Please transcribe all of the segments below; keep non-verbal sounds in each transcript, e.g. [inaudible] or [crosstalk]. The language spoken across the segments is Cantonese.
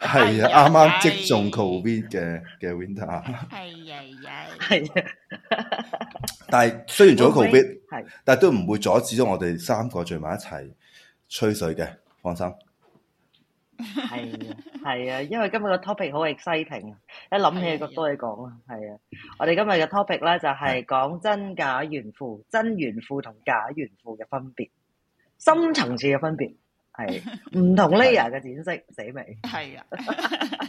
係啊，啱啱擊中 Covid 嘅嘅 Winter 啊，係呀係啊，但係雖然咗 Covid，但係都唔會阻止咗我哋三個聚埋一齊吹水嘅，放心。係啊，係啊，因為今日個 topic 好 exciting 想啊，一諗起咁多嘢講啊，係啊，我哋今日嘅 topic 咧就係講真假炫富、真炫富同假炫富嘅分別，深層次嘅分別。係唔同 layer 嘅展示死未？係啊，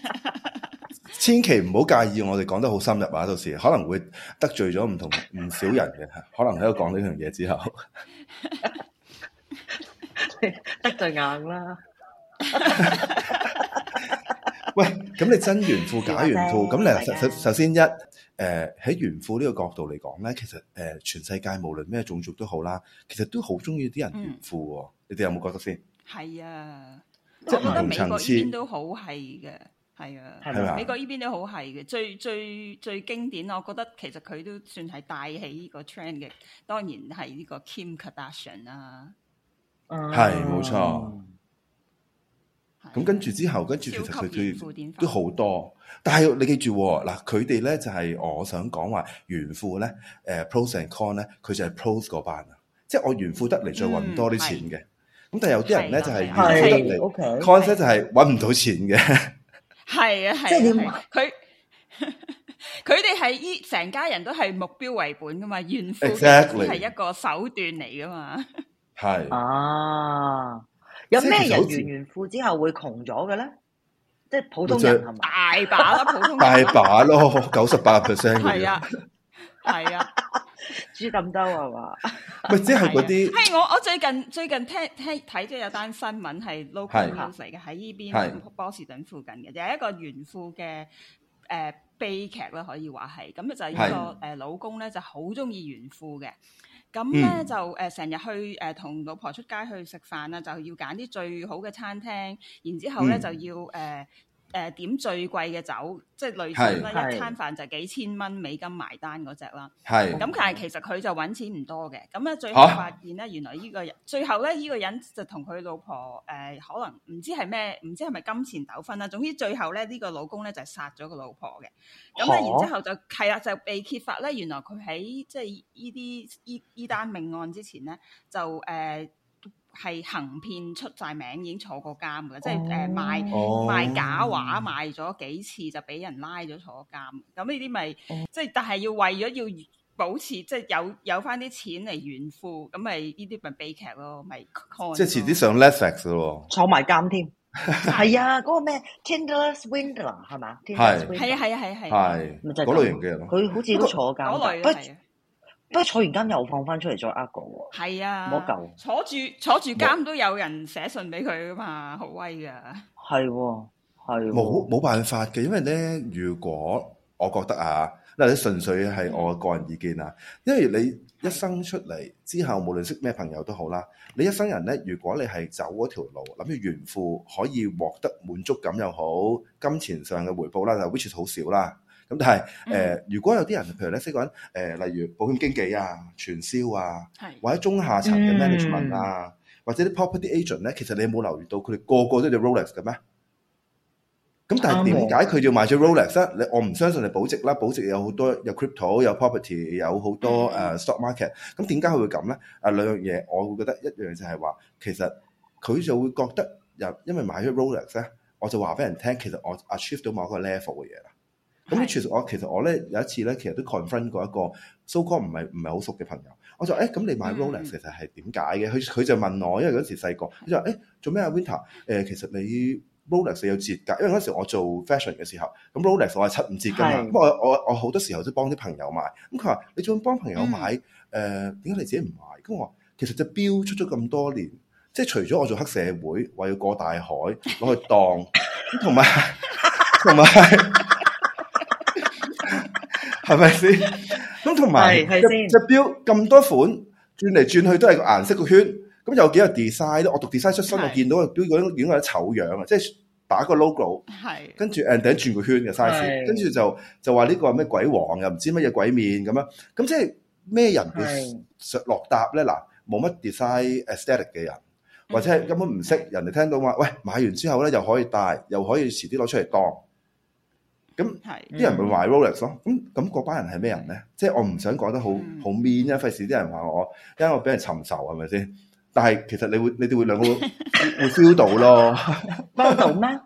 [laughs] 千祈唔好介意，我哋講得好深入啊，到時可能會得罪咗唔同唔少人嘅， [laughs] 可能喺度講呢樣嘢，之後 [laughs] [laughs] [laughs] 得罪硬啦。 [laughs] [laughs] 喂，咁你真炫富假炫富？咁你首首先一誒，喺炫富呢個角度嚟講咧，其實誒、呃，全世界無論咩種族都好啦，其實都好中意啲人炫富、嗯，你哋有冇覺得先？嗯係啊，我覺得美國呢邊都好係嘅，係啊是，美國呢邊都好係嘅。最最最經典，我覺得其實佢都算係帶起呢個 trend 嘅。當然係呢個 Kim Kardashian 啦、啊，係冇錯。咁、啊、跟住之後，跟住其實佢佢都好多。但係你記住嗱，佢哋咧就係、是、我想講話，炫富咧，誒、呃、pros and cons 咧，佢就係 pros 嗰班啊，即係我炫富得嚟、嗯、再揾多啲錢嘅。是咁但係有啲人咧就係，concept 就係揾唔到錢嘅，係啊係啊，即係佢佢佢哋係依成家人都係目標為本噶嘛，炫富係一個手段嚟噶嘛，係啊，有咩人炫完富之後會窮咗嘅咧？即係普通人係嘛，大把咯，普通大把咯，九十八 percent 嘅，係啊，係啊。煮咁多 [laughs] 是那 [laughs] 啊？嘛？即係嗰啲。係我我最近最近聽聽睇咗有單新聞係 local news 嚟嘅，喺呢邊波士頓附近嘅，呃這個啊呃，就係一個炫富嘅誒悲劇可以話係。咁，嗯，就係一個誒老公咧就好中意炫富嘅，咁咧就誒成日去誒同，呃、老婆出街去食飯啊，就要揀啲最好嘅餐廳，然之後咧，嗯，就要誒。呃誒、呃、點最貴嘅酒，即係類似啦，一餐飯就幾千蚊美金埋單嗰隻啦。咁但係其實佢就揾錢唔多嘅。咁咧最後發現咧，原來呢個人、啊、最後咧呢個人就同佢老婆誒，可能唔知係咩，唔知係咪金錢糾紛啦。總之最後咧呢個老公咧就殺咗個老婆嘅。咁咧然之後就係啦、啊，就被揭發咧，原來佢喺即係呢啲呢呢單命案之前咧就誒。呃係行騙出晒名，已經坐過監噶即係誒賣賣假畫，賣咗幾次就俾人拉咗坐監。咁呢啲咪即係，但係要為咗要保持，即係有有翻啲錢嚟炫富，咁咪呢啲咪悲劇咯，咪即係遲啲上 Netflix 咯，坐埋監添。係啊，嗰個咩 Tinder Swindler 係嘛？係係啊係啊係啊係，咪就係嗰類型嘅人咯。佢好似都坐監噶。不過坐完監又放翻出嚟再呃過喎，係啊，冇一、啊、坐住坐住監都有人寫信俾佢噶嘛，好威噶。係喎，係。冇冇辦法嘅，因為咧，如果我覺得啊，嗱，純粹係我個人意見啊、嗯，因為你一生出嚟之後，無論識咩朋友都好啦、嗯，你一生人咧，如果你係走嗰條路，諗住炫富可以獲得滿足感又好，金錢上嘅回報啦，就 which 好少啦。咁但係誒、呃，如果有啲人，譬如咧，呢個人、呃、例如保險經紀啊、傳銷啊，或者中下層嘅 management 啊，嗯、或者啲 property agent 咧，其實你有冇留意到佢哋個個都著 Rolex 嘅咩？咁但係點解佢要買咗 Rolex 咧？你、嗯、我唔相信你保值啦，保值有好多有 crypto 有 property 有好多誒、嗯 uh, stock market。咁點解佢會咁咧？啊，兩樣嘢，我會覺得一樣就係話，其實佢就會覺得入，因為買咗 Rolex 咧，我就話俾人聽，其實我 achieve 到某一個 level 嘅嘢啦。咁其實我其實我咧有一次咧，其實都 confirm 過一個 so called 唔係唔係好熟嘅朋友，我就誒咁、欸、你買 Rolex 其實係點解嘅？佢、嗯、佢就問我，因為嗰時細個，佢就話誒做咩啊？Winter、呃、其實你 Rolex 有折㗎？因為嗰時我做 fashion 嘅時候，咁 Rolex 我係七五折㗎嘛。不過我我我好多時候都幫啲朋友買，咁佢話你做咩幫朋友買？誒點解你自己唔買？咁我話其實隻錶出咗咁多年，即、就、係、是、除咗我做黑社會，話要過大海攞去當，同埋同埋。 [laughs] 係咪 [laughs] [laughs] 先？咁同埋一隻錶咁多款，轉嚟轉去都係個顏色個圈。咁有幾個 design 咧？我讀 design 出身，我見到個錶已經有啲醜樣啊。即係打個 logo，係跟住誒頂轉個圈嘅 size，跟住就就話呢個係咩鬼王，又唔知乜嘢鬼面咁樣。咁即係咩人會落搭咧？嗱，冇乜 design aesthetic 嘅人，或者係根本唔識人哋聽到話，喂，買完之後咧又可以戴，又可以遲啲攞出嚟當。咁，啲人咪買 Rolex 咯。咁咁嗰班人係咩人咧，嗯？即係我唔想講得好好、嗯、mean 啊！費事啲人話我，因為我俾人尋仇係咪先？但係其實你會，你哋會兩個會 feel 到咯 [laughs] 到嗎， [laughs] 幫到咩？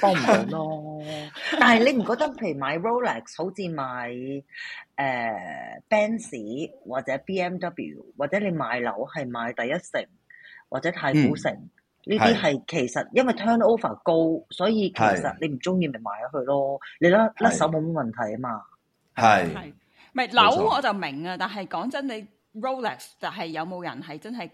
幫唔到咯。 [laughs] 但係你唔覺得，譬如買 Rolex 好似買誒、呃、Benz 或者 BMW，或者你買樓係買第一城或者太古城？嗯呢啲係其實，因為 turnover 高，所以其實你唔中意咪賣咗佢咯。你甩甩手冇乜問題啊嘛。係係，唔係樓我就明啊，但係講真，你 Rolex 就係有冇人係真係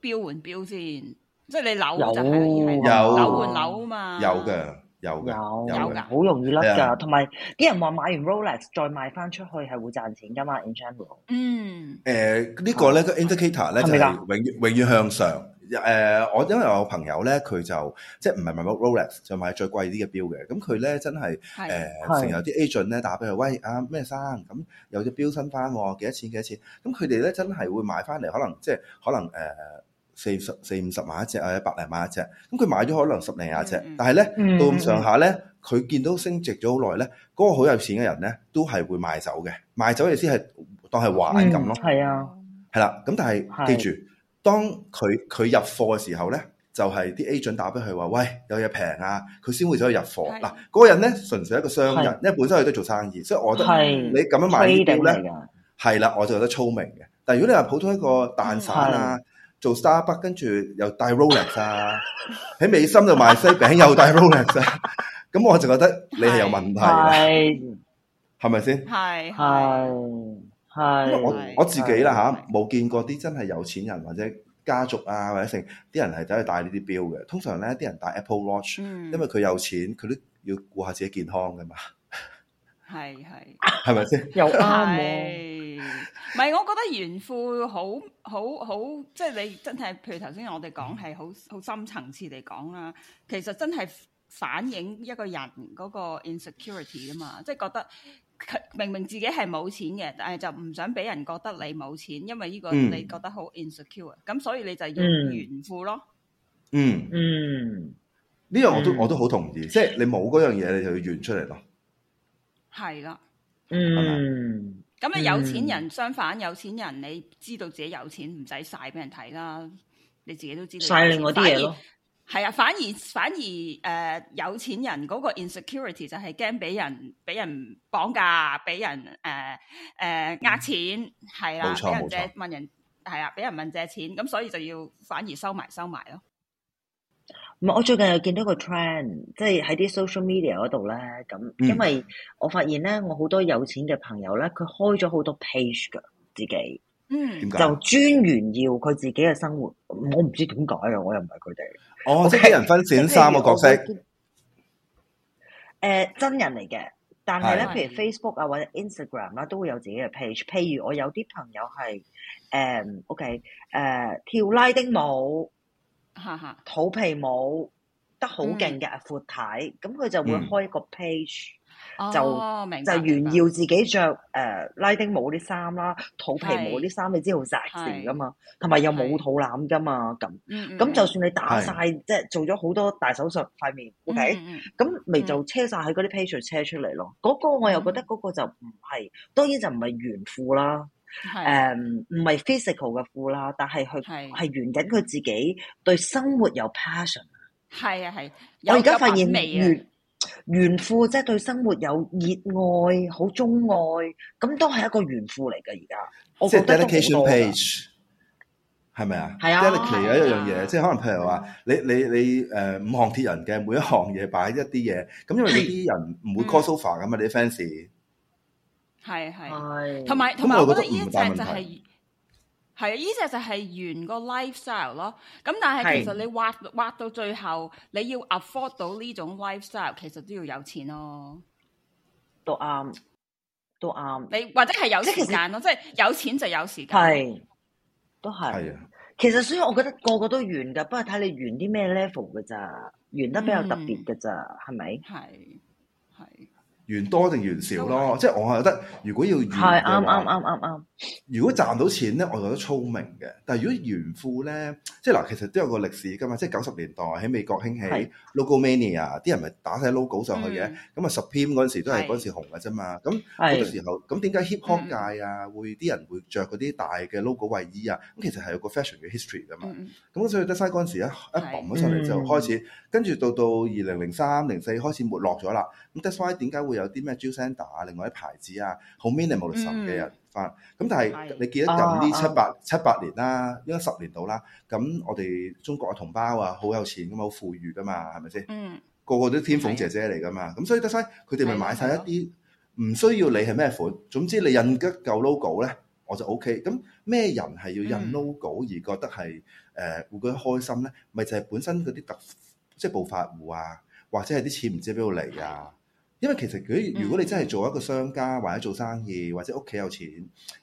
標換標先？即係你樓就係樓換樓啊嘛。有嘅有。有有嘅，好容易甩㗎。同埋啲人話買完 Rolex 再賣翻出去係會賺錢㗎嘛？in general 嗯，誒呢個咧個 indicator 咧就係永遠永遠向上。誒、呃，我因為我朋友咧，佢就即係唔係買 Rolex，就買最貴啲嘅表嘅。咁佢咧真係誒，成日啲 agent 咧打俾佢，喂啊咩生咁、嗯、有隻表新翻，幾多錢幾多錢？咁佢哋咧真係會買翻嚟，可能即可能誒、呃、四十四五十萬一隻，誒、呃、百零萬一隻。咁佢買咗可能十零廿隻，嗯、但係咧、嗯、到咁上下咧，佢見到升值咗好耐咧，嗰、那個好有錢嘅人咧，都係會賣走嘅。賣走嘅意思係當係玩咁咯，係、嗯、啊，係啦。咁但係記住。當佢佢入貨嘅時候呢，就係啲 agent 打俾佢話，喂，有嘢平啊！佢先會走去入貨。嗱，嗰、啊嗰個人呢，純粹一個商人，因為本身佢都做生意，所以我覺得你咁樣賣呢啲呢，係啦，我就覺得聰明嘅。但係如果你話普通一個蛋散啊，做 Starbucks 跟住又戴 rolex 啊，喺 [laughs] 美心度賣西餅又戴 rolex 啊，咁 [laughs] [laughs] 我就覺得你係有問題啦，係咪先？係係。係，因為我我自己啦嚇，冇、啊、見過啲真係有錢人或者家族啊，或者成啲人係走去戴呢啲錶嘅。通常咧，啲人戴 Apple Watch，、嗯、因為佢有錢，佢都要顧下自己健康嘅嘛。係係，係咪先？又啱嘅？唔係、啊，我覺得炫富好好好，即係、就是、你真係，譬如頭先我哋講係好好深層次嚟講啦。其實真係反映一個人嗰個 insecurity 啊嘛，即、就、係、是、覺得。明明自己係冇錢嘅，但係就唔想俾人覺得你冇錢，因為呢個你覺得好 insecure，咁、嗯、所以你就要炫富咯。嗯嗯，呢、嗯、樣、呢個、我都我都好同意，嗯、即係你冇嗰樣嘢，你就要炫出嚟咯。係啦，嗯，咁啊、嗯、有錢人相反，有錢人你知道自己有錢，唔使晒俾人睇啦，你自己都知道晒另外嘢咯。係啊，反而反而誒、呃、有錢人嗰個 insecurity 就係驚俾人俾人綁架，俾人誒誒呃呃錢，係啦，啊，俾人借問人係啊，俾人問借錢。咁所以就要反而收埋收埋咯。唔係，我最近又見到個 trend，即係喺啲 social media 嗰度咧咁，因為我發現咧，我好多有錢嘅朋友咧，佢開咗好多 page 嘅自己。嗯，就專員要佢自己嘅生活，我唔知點解啊，我又唔係佢哋，我即係人分選三個角色，誒、呃、真人嚟嘅，但係咧，譬如 Facebook 啊或者 Instagram 啦、啊，都會有自己嘅 page。譬如我有啲朋友係誒，O K，誒跳拉丁舞，哈、嗯、哈，肚皮舞得好勁嘅闊太，咁佢就會開一個 page、嗯。就、哦、明就炫耀自己着誒、呃、拉丁舞啲衫啦，肚皮舞啲衫，你知好 sexy 噶嘛？同埋又冇肚腩噶嘛？咁咁就算你打晒即係做咗好多大手術，塊面 OK？咁、嗯、咪、嗯、就車晒喺嗰啲 p a t i e n t 車出嚟咯。嗰、嗯那個我又覺得嗰個就唔係、嗯，當然就唔係炫富啦，誒唔係 physical 嘅褲啦，但係佢係炫緊佢自己對生活有 passion。係啊係，我而家發現越。炫富即係對生活有熱愛，好鐘愛，咁都係一個炫富嚟嘅而家，我覺得都好多 dedication page。係咪啊？係啊。dedicate 嘅一樣嘢，即係可能，譬如話你你你誒五項鐵人嘅每一行嘢擺一啲嘢，咁因為呢啲人唔會 crossover 㗎嘛，啲 fans。係係。係。同埋同埋，我覺得呢一隻就係。係，依隻就係炫個 lifestyle 咯。咁但係其實你挖挖到最後，你要 afford 到呢種 lifestyle，其實都要有錢咯。都啱，都啱。你或者係有時間咯，即係有錢就有時間。係，都係。係啊。其實所以我覺得個個都炫噶，不過睇你炫啲咩 level 嘅咋，炫得比較特別嘅咋，係、嗯、咪？係。原多定原少咯，嗯、即係我係覺得如果要原嘅話，係啱啱啱啱啱。如果賺到錢咧，我覺得聰明嘅。但係如果原富咧，即係嗱，其實都有個歷史噶嘛。即係九十年代喺美國興起 logo mania，啲人咪打晒 logo 上去嘅。咁、嗯、啊，Supreme 嗰陣時都係嗰陣時紅嘅啫嘛。咁嗰個時候，咁點解 hip hop 界啊、嗯、會啲人會着嗰啲大嘅 logo 衞衣啊？咁其實係有個 fashion 嘅 history 噶嘛。咁、嗯、所以得翻嗰陣時一一咗出嚟之後、嗯、開始。跟住到到二零零三零四開始沒落咗啦。咁 d e 點解會有啲咩 j u i e n d e 啊，另外啲牌子啊，好 minimal 嘅人翻咁？但係你記得、啊、近呢七八、啊、七八年啦，應該十年到啦。咁我哋中國嘅同胞啊，好有錢咁啊，好富裕噶嘛，係咪先？嗯、mm.，個個都天鳳姐姐嚟噶嘛。咁所以 d e 佢哋咪買晒一啲唔需要你係咩款，總之你印一舊 logo 咧，我就 O、OK、K。咁咩人係要印 logo、mm. 而覺得係誒、呃、會覺得開心咧？咪就係、是、本身嗰啲特。即係暴發戶啊，或者係啲錢唔知喺邊度嚟啊！因為其實佢如果你真係做一個商家、嗯、或者做生意或者屋企有錢，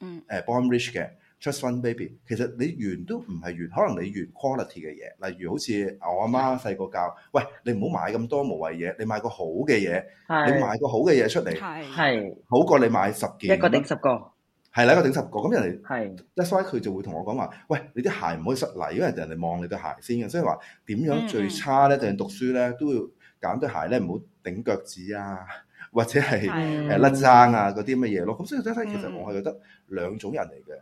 嗯，誒、uh, born rich 嘅 trust fund baby，其實你完都唔係完。可能你完 quality 嘅嘢，例如好似我阿媽細個教，喂，你唔好買咁多無謂嘢，你買個好嘅嘢，你買個好嘅嘢出嚟，係好過你買十件一個頂十個。係啦，個頂十個咁人哋，一睇佢就會同我講話：，喂，你啲鞋唔可以失禮，因為人哋望你對鞋先嘅。所以話點樣最差咧？就、嗯、算讀書咧，都要揀對鞋咧，唔好頂腳趾啊，或者係甩踭啊嗰啲乜嘢咯。咁所以睇睇，其實我係覺得兩種人嚟嘅。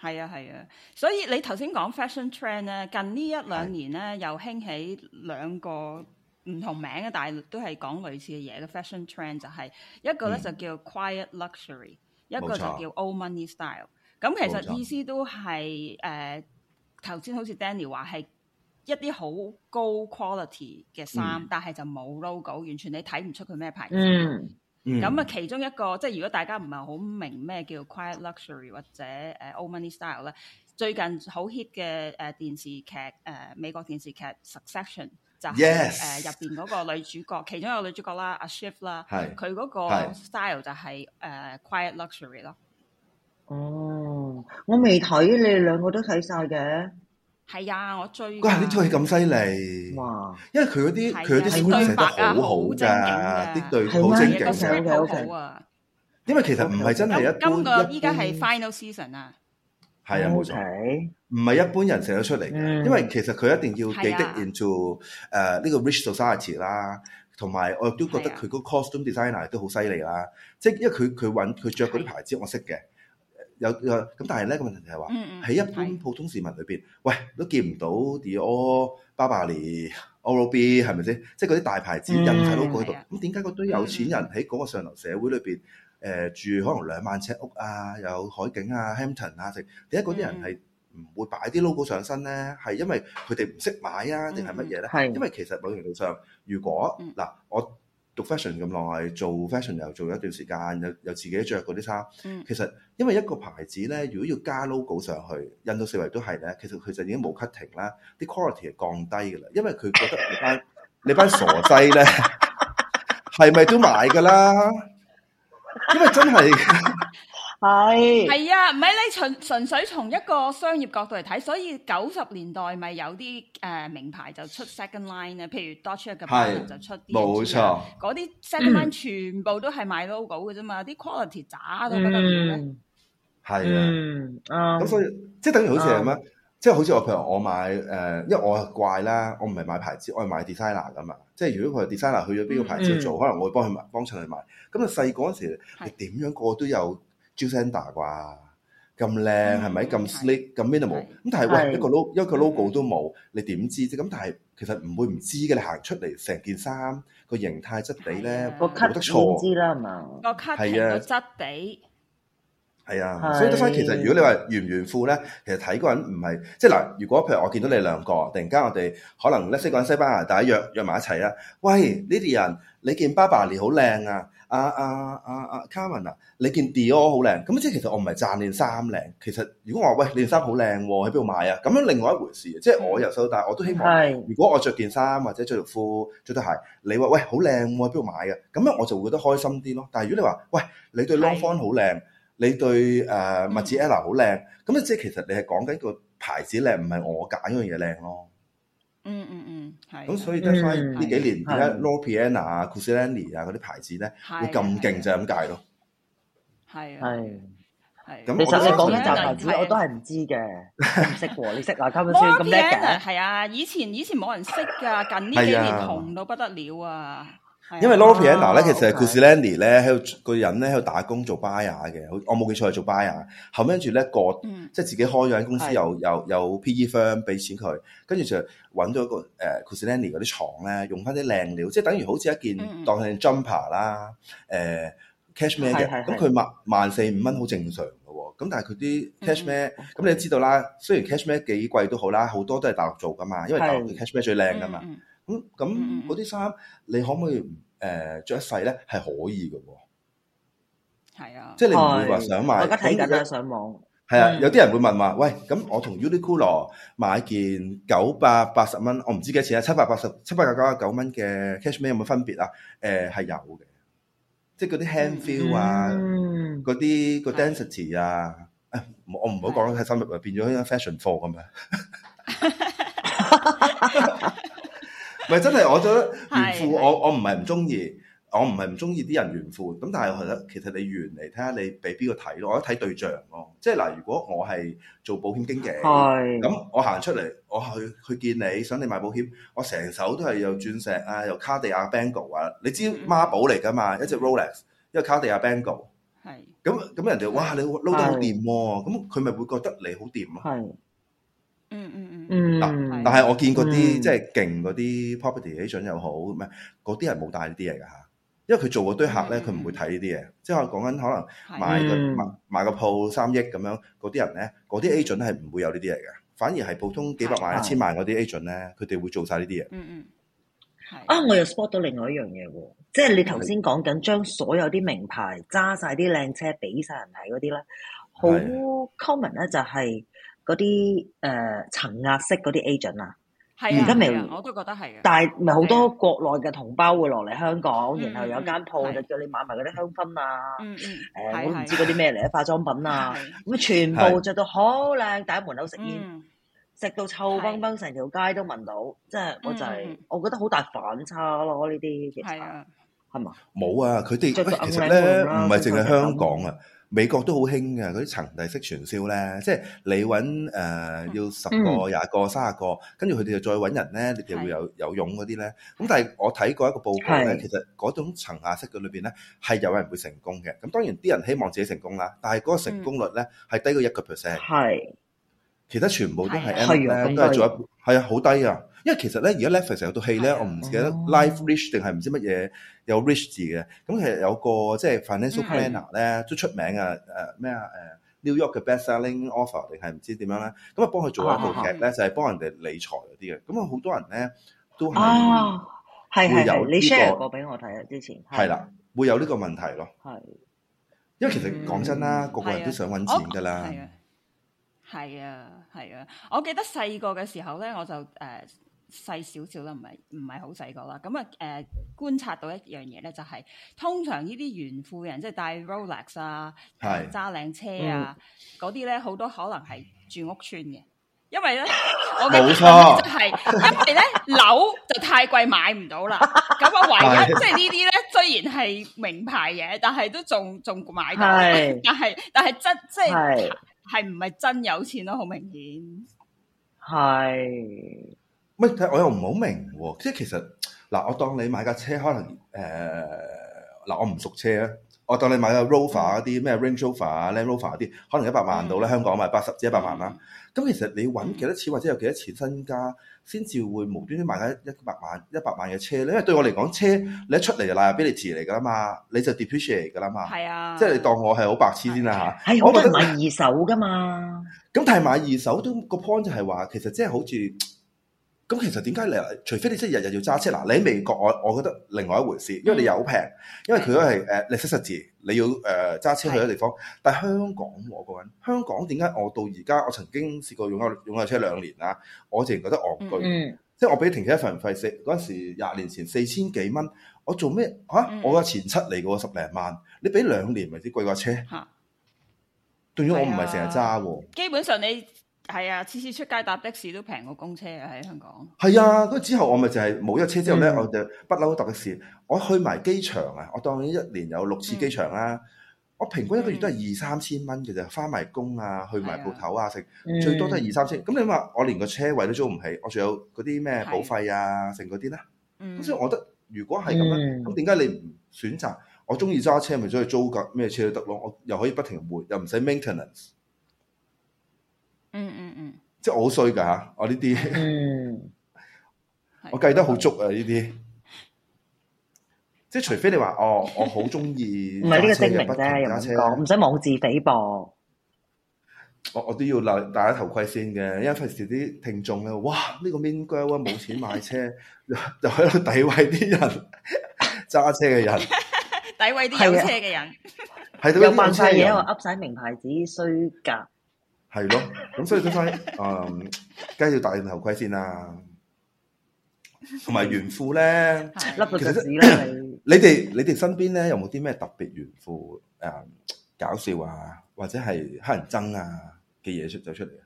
係啊，係啊，所以你頭先講 fashion trend 咧，近呢一兩年咧又興起兩個唔同名嘅，但係都係講類似嘅嘢嘅 fashion trend，就係、是嗯、一個咧就叫 quiet luxury。一個就叫 Old Money Style，咁其實意思都係誒，頭先、呃、好似 Denny 話係一啲好高 quality 嘅衫、嗯，但係就冇 logo，完全你睇唔出佢咩牌子。咁、嗯、啊，嗯、其中一個即係如果大家唔係好明咩叫 Quiet Luxury 或者誒、呃、Old Money Style 最近好 hit 嘅誒電視劇誒、呃、美國電視劇 Succession。就係入邊嗰個女主角，其中有女主角啦阿 Ashley 啦，佢嗰個 style 就係、是、誒、uh, quiet luxury 咯。哦，我未睇，你哋兩個都睇晒嘅。係啊，我追。哇、哎！套戲咁犀利，哇！因為佢嗰啲佢啲對白好好㗎，啲對好精勁，好有、那個、好啊。因為其實唔係真係一、嗯、今個依家係 Final Season 啊。係啊，冇錯，唔係一般人食得出嚟嘅、嗯，因為其實佢一定要記得 into 誒呢個 rich society 啦、啊，同埋我都覺得佢個 costume designer 都好犀利啦，即係、啊就是、因為佢佢揾佢着嗰啲牌子我識嘅、啊，有咁，但係咧個問題就係話，喺、嗯嗯、一般普通市民裏邊、啊，喂都見唔到 Dior、啊、Burberry、Rob，係咪先？即係嗰啲大牌子印曬喺嗰度，咁點解嗰堆有錢人喺嗰個上流社會裏邊？誒、呃、住可能兩萬尺屋啊，有海景啊，Hampton 啊，剩點解嗰啲人係唔會擺啲 logo 上身咧？係、嗯、因為佢哋唔識買啊，定係乜嘢咧？係、嗯、因為其實某程度上，如果嗱、嗯、我讀 fashion 咁耐，做 fashion 又做咗一段時間，又又自己着嗰啲衫，其實因為一個牌子咧，如果要加 logo 上去，印到四圍都係咧，其實佢就已經冇 cutting 啦，啲 quality 係降低噶啦，因為佢覺得你班 [laughs] 你班傻仔咧係咪都買噶啦？因 [laughs] 為真係係係啊，唔係你純純粹從一個商業角度嚟睇，所以九十年代咪有啲誒、呃、名牌就出 second line 啊，譬如 Dodge 嘅品牌就出啲、啊，冇錯，嗰啲 second line 全部都係賣 logo 嘅啫嘛，啲、嗯、quality 渣都不得了，係啊，咁、嗯 um, 所以、um, 即係等於好似係咩？Um, 即係好似我，譬如我買誒，因為我怪啦，我唔係買牌子，我係買 designer 噶嘛。即係如果佢係 designer 去咗邊個牌子做、嗯，可能我會幫佢幫襯佢買。咁啊細嗰陣時，你點樣個個都有 Jil Sander 啩，咁靚係咪？咁 slick 咁 minimal。咁但係喂，一個 log 一個 logo 都冇，你點知啫？咁但係其實唔會唔知嘅。你行出嚟成件衫個形態質地咧，冇、啊、得錯喎。知啦嘛，個 cut 啊質地啊。係啊，所以得返其實如果你話炫唔炫富咧，其實睇個人唔係即係嗱。如果譬如我見到你兩個突然間我哋可能咧識個西班牙，大家約約埋一齊啦。喂呢啲人，你件 Burberry 好靚啊！啊啊啊，啊，啊，Carmen 啊，你件 Dior 好靚。咁即係其實我唔係讚你件衫靚，其實如果我話喂你件衫好靚喎，喺邊度買啊？咁樣另外一回事。即、就、係、是、我入手，但我都希望，如果我着件衫或者着條褲、着對鞋，你話喂好靚喎，喺邊度買嘅、啊？咁樣我就會覺得開心啲咯。但係如果你話喂你對 Longfong 好靚。你對誒蜜子 ella 好靚，咁、嗯、咧即係其實你係講緊個牌子靚，唔係我揀嗰樣嘢靚咯。嗯嗯嗯，係、嗯。咁所以得翻呢幾年，而家 Loro Piana 啊 Cucinelli 啊嗰啲牌子咧，會咁勁就咁解咯。係係係。你上次講一集牌子，我都係唔知嘅，唔識喎。你識啊？啱唔啱先？咁叻嘅。係啊，以前以前冇人識噶，近呢幾年紅到不得了啊！因為 Loro Piana 咧、啊，其實係 Cusinelli 咧喺度個人咧喺度打工做 buyer 嘅，我冇記錯係做 buyer 後，後面跟住咧個即係自己開咗間公司，又、嗯、又有，有 PE firm 俾錢佢，跟住就揾咗個誒 Cusinelli 嗰啲廠咧，用翻啲靚料，即係等於好似一件、嗯、當係 jumper 啦，誒 cashmere 嘅。咁佢賣萬四五蚊好正常噶喎、哦。咁但係佢啲 cashmere，咁、嗯、你就知道啦，嗯、雖然 cashmere 幾貴都好啦，好多都係大陸做噶嘛，因為大陸嘅 cashmere 最靚噶嘛。嗯嗯咁咁嗰啲衫，你可唔可以誒著一世咧？係可以嘅喎，係啊，即係你唔會話想買。大家睇，大家上網，係啊，有啲人會問話，喂，咁我同 Uniqlo 買件九百八十蚊，我唔知幾多錢啊，七百八十、七百九十九蚊嘅 cashmere 有冇分別啊？誒係有嘅，即係嗰啲 hand feel 啊，嗰啲個 density 啊，啊，我唔好講得太深入啊，變咗啲 fashion 貨咁樣！唔係真係，我覺得炫富，我我唔係唔中意，我唔係唔中意啲人炫富。咁但係我覺得其實你炫嚟睇下你俾邊個睇咯，我一睇對象咯。即係嗱，如果我係做保險經紀，係。咁我行出嚟，我去去見你，想你買保險，我成手都係有鑽石啊，有卡地亞 Bangle 啊，你知孖、嗯、寶嚟㗎嘛，一隻 Rolex，一個卡地亞 Bangle。係。咁咁人哋哇，你撈得好掂、啊、喎，咁佢咪會覺得你好掂、啊、咯？係。嗯嗯嗯，嗱，但係我見嗰啲即係勁嗰啲 property agent 又好，咩嗰啲人冇帶呢啲嘢噶吓，因為佢做嗰堆客咧，佢、嗯、唔會睇呢啲嘢，即係講緊可能買個買買個鋪三億咁樣，嗰啲人咧，嗰、嗯、啲 agent 係唔會有呢啲嘢嘅，反而係普通幾百萬、一千萬嗰啲 agent 咧，佢哋會做晒呢啲嘢。嗯嗯，啊，我又 spot 到另外一樣嘢喎，即、就、係、是、你頭先講緊將所有啲名牌揸晒啲靚車俾晒人睇嗰啲咧，好 common 咧就係、是。是嗰啲誒層壓式嗰啲 agent 啊，而家咪我都覺得係，但係咪好多國內嘅同胞會落嚟香港，然後有間鋪就叫你買埋嗰啲香薰啊，誒，我唔知嗰啲咩嚟嘅化妝品啊，咁全部著到好靚，喺門口食煙，食到臭崩崩，成條街都聞到，即係我就係我覺得好大反差咯，呢啲其實係嘛？冇啊，佢哋喂，其實咧唔係淨係香港啊。美國都好興嘅，嗰啲層遞式傳銷咧，即係你揾誒要十個、廿個、三十個，跟住佢哋就再揾人咧，你哋會有有湧嗰啲咧。咁但係我睇過一個報告咧，其實嗰種層下式嘅裏邊咧係有人會成功嘅。咁當然啲人希望自己成功啦，但係嗰個成功率咧係低過一個 percent，係其他全部都係 M，咁都係做一係啊，好低啊！因為其實咧，而家 Netflix 有套戲咧，我唔記得 Life Rich 定係唔知乜嘢有 Rich 字嘅。咁其實有個即係 Financial Planner 咧都出名啊。誒咩啊？誒 New York 嘅 Best Selling Offer 定係唔知點樣咧？咁啊，幫佢做一套劇咧，就係幫人哋理財嗰啲嘅。咁啊，好多人咧都係啊，係係係。會有呢個，你 share 過俾我睇啊？之前係啦，會有呢個問題咯。係因為其實講真啦，個個人都想揾錢㗎啦。係啊，係啊。我記得細個嘅時候咧，我就誒。細少少啦，唔係唔係好細個啦。咁啊，誒、呃，觀察到一樣嘢咧，就係、是，通常呢啲炫富人，即係戴 Rolex 啊，揸靚車啊，嗰啲咧好多可能係住屋村嘅，因為咧， [laughs] 我嘅意思就係，因為咧樓 [laughs] 就太貴買唔到啦。咁啊，唯一即係呢啲咧，雖然係名牌嘢，但係都仲仲買到是，但係但係真即係係唔係真有錢咯？好明顯係。是.唔，我又唔好明喎、啊。即係其實嗱，我當你買架車，可能誒嗱、呃，我唔熟車啊。我當你買架 Rover 嗰啲咩 Range Rover 啊、Land Rover 嗰啲，可能一百萬到啦、嗯。香港買八十至一百萬啦。咁、嗯、其實你揾幾多錢或者有幾多錢身家，先至會無端端買架一百萬一百萬嘅車咧？因為對我嚟講，車你一出嚟就 liability 嚟㗎嘛，你就 depreciate 嚟㗎啦嘛。係啊，即係你當我係好白痴先啦嚇。我都、就、得、是、買二手㗎嘛。咁但係買二手都個 point 就係話，其實即係好似。咁其實點解你除非你即日日要揸車嗱？你喺美國我我覺得另外一回事，因為你又平，因為佢都係誒、呃、你寫實字，你要誒揸、呃、車去嘅地方。但係香港我個人，香港點解我到而家我曾經試過擁有擁有車兩年啦，我仍然覺得戇居。即、嗯、係、嗯就是、我俾停車分費費四，嗰陣時廿年前四千幾蚊，我做咩、啊、我個錢出嚟個十零萬，你俾兩年咪啲貴架車？對於我唔係成日揸喎。基本上你。係啊，次次出街搭的士都平過公車啊！喺香港係啊，咁、嗯、之後我咪就係冇咗車之後呢，嗯、我就不嬲都搭的士。我去埋機場啊，我當然一年有六次機場啦、嗯。我平均一個月都係二三千蚊嘅啫，翻埋工啊，去埋鋪頭啊，食、啊啊、最多都係二三千。咁、嗯、你話我連個車位都租唔起，我仲有嗰啲咩保費啊，剩嗰啲呢？咁、嗯、所以我覺得如果係咁樣，咁點解你唔選擇、嗯、我中意揸車要，咪中意租架咩車都得咯？我又可以不停換，又唔使 maintenance。嗯嗯嗯，即係我好衰噶我呢啲，我計、嗯、 [laughs] 得好足啊呢啲，即係除非你話哦，我好中意，唔係呢個聲明啫，又唔講，唔使妄自菲薄。我我都要戴戴個頭盔先嘅，因為隨時啲聽眾咧，哇，呢、這個 mean girl 啊冇錢買車，就喺度詆毀啲人揸車嘅人，詆毀啲有車嘅人，係到有扮晒嘢，我噏晒名牌子，衰噶。係咯，咁所以都睇，誒、嗯，梗係要戴定頭盔先啦。同埋炫富咧，其實的 [coughs] 你哋你哋身邊咧有冇啲咩特別炫富誒搞笑啊，或者係黑人憎啊嘅嘢出咗出嚟啊？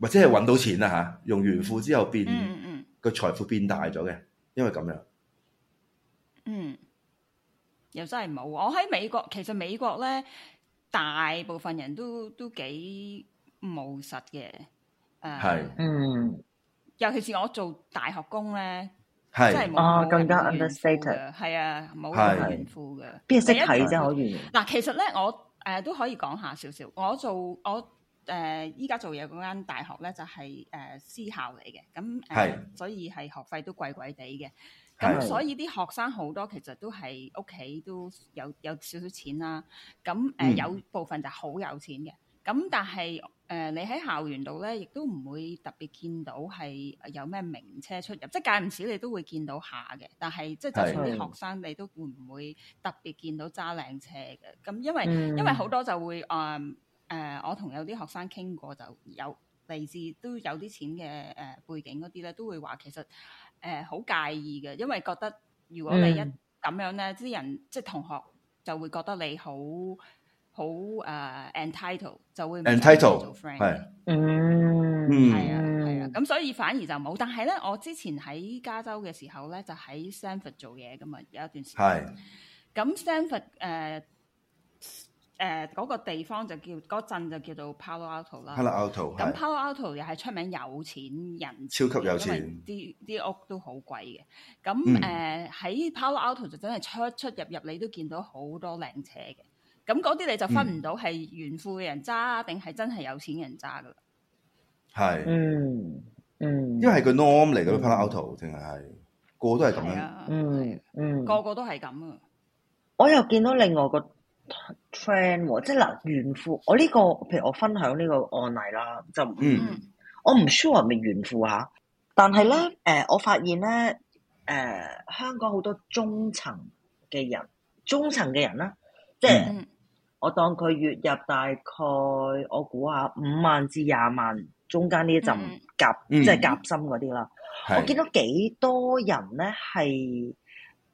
或者係搵到錢啊吓？用炫富之後變個財、嗯嗯、富變大咗嘅，因為咁樣。嗯，又真係冇。我喺美國，其實美國咧。大部分人都都幾務實嘅，誒、呃，嗯，尤其是我做大學工咧，係啊、哦，更加 understated，係啊，冇咁炫富嘅。邊個識睇啫、啊？可以。嗱，其實咧，我誒、呃、都可以講下少少。我做我誒依、呃、家做嘢嗰間大學咧，就係、是、誒、呃、私校嚟嘅，咁誒、呃，所以係學費都貴貴哋嘅。咁、嗯、所以啲學生好多其實都係屋企都有有少少錢啦。咁誒、呃、有部分就好有錢嘅。咁、嗯、但係誒、呃、你喺校園度咧，亦都唔會特別見到係有咩名車出入。即係間唔時你都會見到下嘅。但係即係就算啲學生，你都會唔會特別見到揸靚車嘅？咁、嗯、因為因為好多就會誒誒、呃呃，我同有啲學生傾過，就有嚟自都有啲錢嘅誒、呃、背景嗰啲咧，都會話其實。誒、呃，好介意嘅，因為覺得如果你一咁樣咧，啲、嗯、人即係同學就會覺得你好好誒，entitle 就會 entitle 做 friend 係，嗯嗯係啊係啊，咁、啊啊、所以反而就冇。但係咧，我之前喺加州嘅時候咧，就喺 Stanford 做嘢噶嘛，有一段時間係。咁 Stanford 誒。誒、呃、嗰、那個地方就叫嗰、那個、鎮就叫做 Palo Alto 啦。Palo Alto，咁 Palo Alto 又係出名有錢人，超級有錢，啲啲屋都好貴嘅。咁誒喺 Palo Alto 就真係出出入入你都見到好多靚車嘅。咁嗰啲你就分唔到係炫富嘅人揸定係真係有錢人揸噶。係，嗯嗯，因為係個 norm 嚟嘅 Palo Alto，定係係個個都係咁樣，啊、嗯嗯，個個都係咁啊。我又見到另外個。friend 即係嗱，炫富，我呢，這個，譬如我分享呢個案例啦，就，嗯、我唔 sure 係咪炫富嚇，但係咧，誒、呃，我發現咧，誒、呃，香港好多中層嘅人，中層嘅人啦，即係，嗯、我當佢月入大概，我估下五萬至廿萬中間呢一陣夾，即係夾心嗰啲啦，我見到幾多人咧係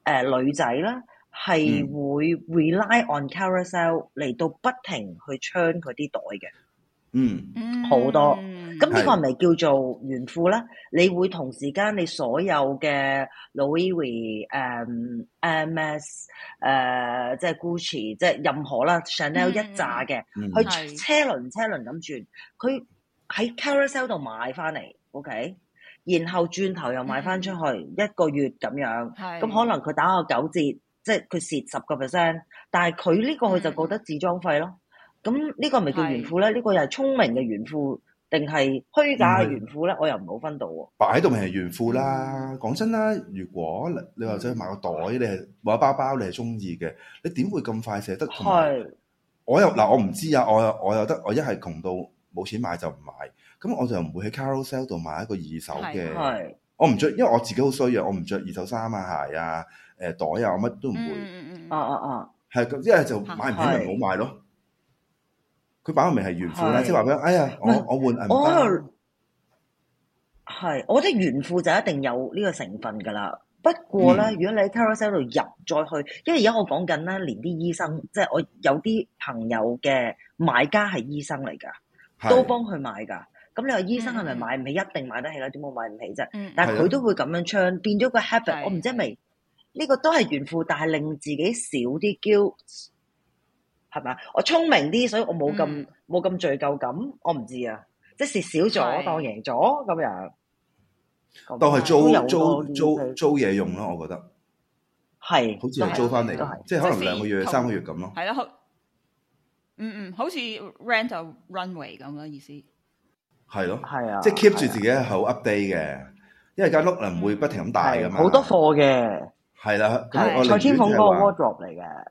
誒女仔啦。係會 rely on carousel 嚟到不停去槍佢啲袋嘅，嗯，好多，咁呢個咪叫做炫富啦？你會同時間你所有嘅 Louis 誒，Ms 誒，即係 Gucci，即係任何啦，Chanel 一紮嘅，去車輪車輪咁轉，佢喺 carousel 度買翻嚟，OK，然後轉頭又賣翻出去，一個月咁樣，咁可能佢打個九折。即係佢蝕十個 percent，但係佢呢個佢就覺得置裝費咯。咁、嗯嗯這個、呢個咪叫炫富咧？呢、這個又係聰明嘅炫富，定係虛假炫富咧？我又唔好分到喎。擺到明係炫富啦。講、嗯、真啦，如果你你話真係買個袋，嗯、你係買包包你是喜歡的，你係中意嘅，你點會咁快捨得？係。我又嗱，我唔知啊。我又我又得，我一係窮到冇錢買就唔買。咁我就唔會喺 Carousell 度買一個二手嘅。係。我唔着，因為我自己好衰弱，我唔着二手衫啊鞋啊。誒袋啊！我乜都唔會，嗯嗯嗯，哦哦哦，係咁，即係就買唔起咪唔好買咯。佢擺明係炫富啦，即係話俾你聽，哎呀，我我換銀包，係，我覺得炫富就一定有呢個成分㗎啦。不過咧，如果你喺 Taylor sale 度入再去，因為而家我講緊咧，連啲醫生，即係我有啲朋友嘅買家係醫生嚟㗎，都幫佢買㗎。咁你話醫生係咪買唔起一定買得起咧？點解買唔起啫？但係佢都會咁樣唱，變咗個 habit。我唔知係咪。呢個都係炫富，但係令自己少啲 guilt，係咪？我聰明啲，所以我冇咁冇咁罪疚感。我唔知啊，即是蝕少咗當贏咗咁樣，當係租租租租嘢用咯。我覺得係好似係租翻嚟嘅，即係可能兩個月三個月咁咯。係咯，嗯嗯，好似 Rent the Runway 咁樣意思，係咯，係啊，即係 keep 住自己係好 update 嘅，因為間 look 能唔會不停咁大㗎嘛，好多貨嘅。係啦，蔡天鳳嗰個 wardrobe 嚟嘅，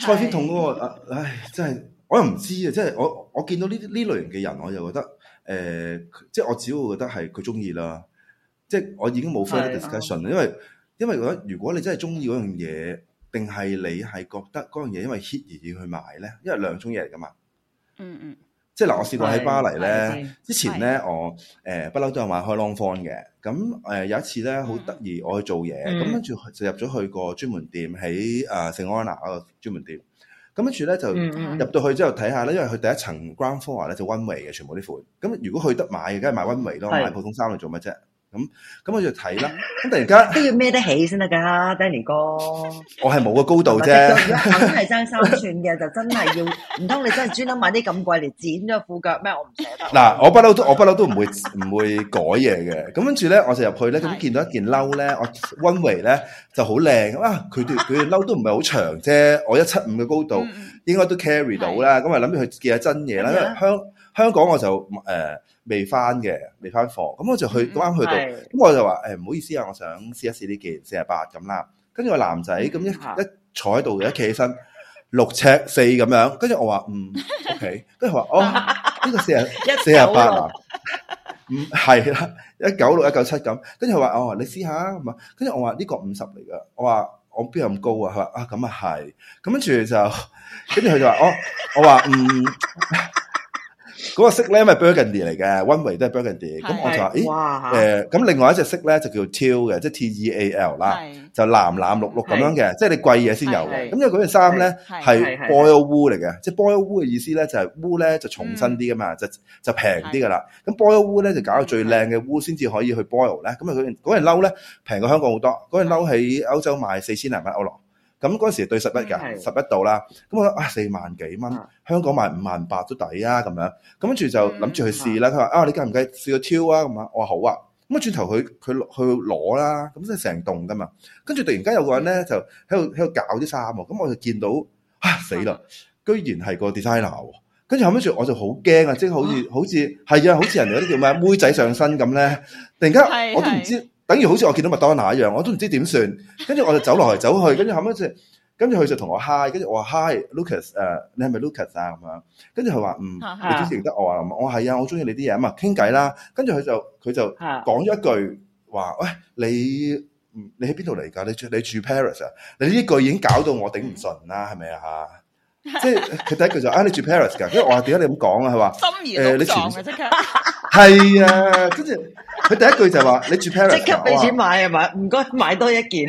蔡天鳳嗰個誒，唉，真係我又唔知啊，即係我我見到呢呢類型嘅人，我就覺得誒、呃，即係我只會覺得係佢中意啦，即係我已經冇 further discussion 啦，因為因為如果如果你真係中意嗰樣嘢，定係你係覺得嗰樣嘢因為 hit 而要去買咧，因為兩種嘢嚟噶嘛。嗯嗯。即係嗱，我試過喺巴黎咧，之前咧我誒不嬲都有買開朗方嘅。咁誒有一次咧，好得意，我去做嘢，咁跟住就入咗去個專門店喺誒聖安娜嗰個專門店。咁跟住咧就入到去之後睇下咧，因為佢第一層 ground floor 咧就温維嘅全部啲款。咁如果去得買嘅，梗係買温維咯，買普通衫去做乜啫？咁咁我就睇啦。咁突然間都要孭得起先得噶 Danny 哥。我係冇個高度啫。真係爭三寸嘅， [laughs] 就真係要唔通你真係專登買啲咁貴嚟剪咗褲腳咩？我唔捨得。嗱，我不嬲都我都不嬲都唔會唔 [laughs] 會改嘢嘅。咁跟住咧，我就入去咧，咁見到一件褸咧，我 one way 咧就好靚。啊，佢哋佢嘅褸都唔係好長啫。我一七五嘅高度、嗯、應該都 carry 到啦。咁啊諗住去見下真嘢啦，因為香。香港我就誒未翻嘅，未翻貨，咁我就去啱去到，咁我就話誒唔好意思啊，我想試一試呢件四廿八咁啦。跟住個男仔咁一一坐喺度嘅，一企起身六尺四咁樣。跟住我話嗯，OK。跟住佢話哦，呢個四廿四廿八嗱，嗯係啦，一九六一九七咁。跟住佢話哦，你試下。跟住我話呢個五十嚟㗎。我話我邊有咁高啊？佢話啊咁啊係。咁跟住就跟住佢就話我我話嗯。嗰、那個色咧，因為 Burgundy 嚟嘅，One Way 都係 Burgundy 是是。咁我就話，咦、欸，咁、呃、另外一隻色咧就叫 Teal 嘅，即係 T E A L 啦，就藍藍綠綠咁樣嘅，即係你貴嘢先有。咁因為嗰件衫咧係 Boil Wool 嚟嘅，即 Boil Wool 嘅意思咧就係 Wool 咧就重身啲噶嘛，就是、就平啲噶啦。咁、就是、Boil Wool 咧就搞、是、到最靚嘅 Wool 先至可以去 Boil 咧。咁啊，嗰、那個、人嗰人褸咧平過香港好多，嗰件褸喺歐洲賣四千零蚊歐羅。咁嗰陣時對十一㗎，十一度啦。咁我話啊，四萬幾蚊，香港賣五萬八都抵啊咁樣。咁跟住就諗住去試啦。佢話啊，你計唔計試個 two 啊？咁啊我話好啊。咁啊轉頭佢佢去攞啦。咁即係成棟㗎嘛。跟住突然間有個人咧就喺度喺度搞啲衫喎。咁我就見到啊，死啦！居然係個 designer 喎。跟住後尾住我就好驚啊，即係好似好似係啊，好似人哋嗰啲叫咩啊，妹仔上身咁咧。突然間我都唔知。等於好似我見到麥當娜一樣，我都唔知點算，跟住我就走嚟走去，着着着，跟住後屘就，跟住佢就同我 hi，跟住我話 hi，Lucas，誒、uh，你係咪 Lucas 啊咁樣？跟住佢話唔，嗯 uh -huh. 你之前認得我啊？我係啊，我中意你啲嘢啊嘛，傾偈啦。跟住佢就佢就講咗一句話，喂，你你喺邊度嚟㗎？你住你住 Paris 啊？你呢句已經搞到我頂唔順啦，係咪啊？ [laughs] 即係佢第一句就啊你住 Paris 噶，跟住我話點解你咁講啊？佢話誒你全係係 [laughs] 啊，跟住佢第一句就話你住 Paris，即刻俾錢買係咪？唔該買多一件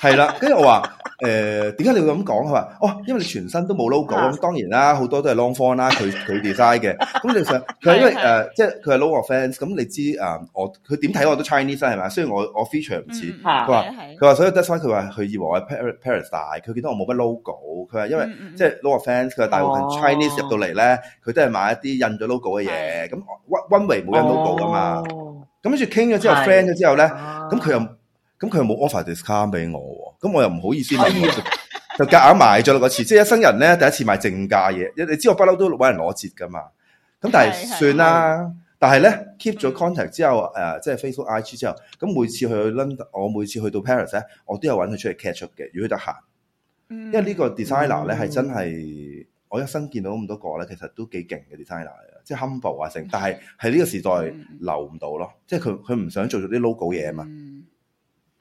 係啦。跟住、啊、我話誒點解你會咁講？佢話哦，因為你全身都冇 logo，咁、啊、當然啦，好多都係 long form 啦。佢佢 design 嘅咁就想，佢 [laughs] 因為誒、呃、即係佢係 logo fans 咁你知啊？我佢點睇我都 Chinese 係咪？雖然我我 feature 唔似佢話佢話所以得翻。佢話佢以為我喺 Paris Paris 大，佢見到我冇乜 logo。佢話因為即係。嗯嗯就是多個 fans，佢話大部分 Chinese 入到嚟咧，佢、哦、都係買一啲印咗 logo 嘅嘢。咁溫溫為冇印 logo 㗎嘛？咁、哦、跟住傾咗之後，friend 咗之後咧，咁佢又咁佢、嗯、又冇 offer discount 俾我，咁我又唔好意思，意 [laughs] 就就夾硬買咗嗰次。即係一生人咧， [laughs] 第一次買正價嘢，你知我不嬲都揾人攞折㗎嘛？咁但係算啦。是但係咧 keep 咗 contact 之後，誒即係 Facebook IG 之後，咁每次去去 London，我每次去到 Paris 咧，我都有揾佢出去 catch up 嘅，如果佢得閒。因為呢個 designer 咧，係真係、嗯嗯、我一生見到咁多個咧，其實都幾勁嘅 designer 嚟，即係 humble 啊成，但係喺呢個時代留唔到咯，即係佢佢唔想做咗啲 logo 嘢啊嘛。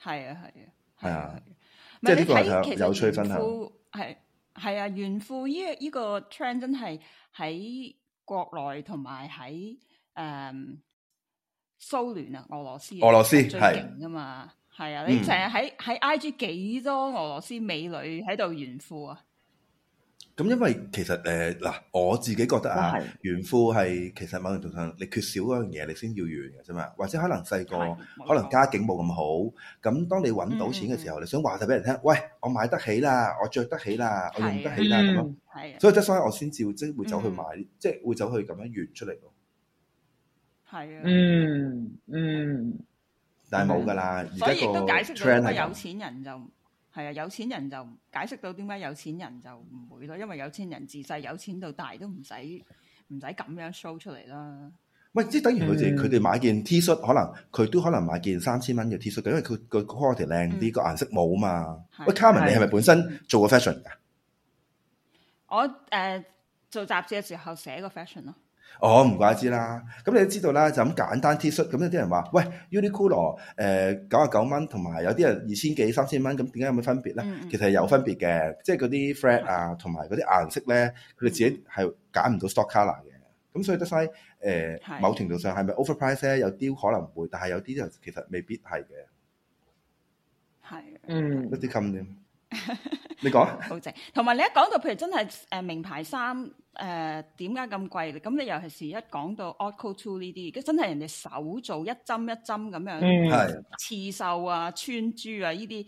係啊係啊係啊，即係呢個係有，有趣分享。係係啊，炫富依、這、依個 trend 真係喺國內同埋喺誒蘇聯啊、俄羅斯俄羅斯最勁噶嘛。是啊係啊，你成日喺喺 IG 幾多，多俄羅斯美女喺度炫富啊？咁、嗯、因為其實誒嗱、呃，我自己覺得啊，炫富係其實某程度上你缺少嗰樣嘢，你先要炫嘅啫嘛。或者可能細個可能家境冇咁好，咁當你揾到錢嘅時候，你，時候嗯、你想話就俾人聽，喂，我買得起啦，我着得起啦，我用得起啦咁樣。係啊、嗯，所以即所以我先至會即會走去買，嗯、即會走去咁樣炫出嚟咯。係啊，嗯嗯。嗯但係冇㗎啦，而家個 trend 因係有錢人就係啊，有錢人就解釋到點解有錢人就唔會咯，因為有錢人自細有錢到大都唔使唔使咁樣 show 出嚟啦。喂、嗯，即係等於佢哋佢哋買件 T 恤，可能佢都可能買件三千蚊嘅 T 恤嘅，因為佢個 quality 靚啲，個、嗯、顏色冇啊嘛。喂，Carmen，你係咪本身做過 fashion 㗎？我誒、呃、做雜誌嘅時候寫個 fashion 咯。哦，唔怪知啦。咁你都知道啦，就咁簡單 T-shirt，咁有啲人話喂，Uniqlo 誒九啊九蚊，同埋有啲人二千幾三千蚊，咁點解有冇分別咧？嗯嗯，其實係有分別嘅，即係嗰啲 flat 啊，同埋嗰啲顏色咧，佢哋自己係揀唔到 stock color 嘅。咁、嗯、所以得晒誒某程度上係咪 overpriced 咧？有啲可能會，但係有啲就其實未必係嘅，係嗯一啲咁。添。你講，好正。同埋你一講到，譬如真係誒名牌衫，誒點解咁貴咧？咁你尤其是一講到 haute couture 呢啲，真係人哋手做一針一針咁樣刺繡啊、穿珠啊呢啲，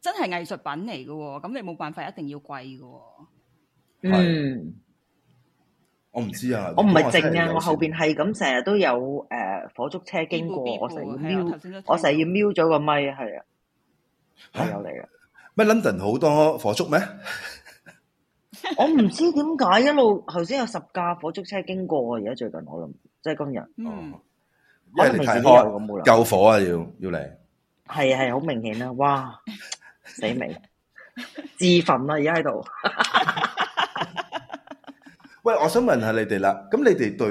真係藝術品嚟噶。咁你冇辦法，一定要貴噶。嗯，我唔知啊。我唔係靜啊，我後邊係咁成日都有誒火燭車經過，我成日要瞄，我成日要瞄咗個咪，係啊，又嚟啦。乜 London 好多火燭咩？我唔知點解一路頭先有十架火燭車經過啊。而家最近我諗即係今日哦，一路睇開救火啊！要要嚟，係啊，係好明顯啦！哇，死未自焚啊！而家喺度。喂，我想問下你哋啦，咁你哋對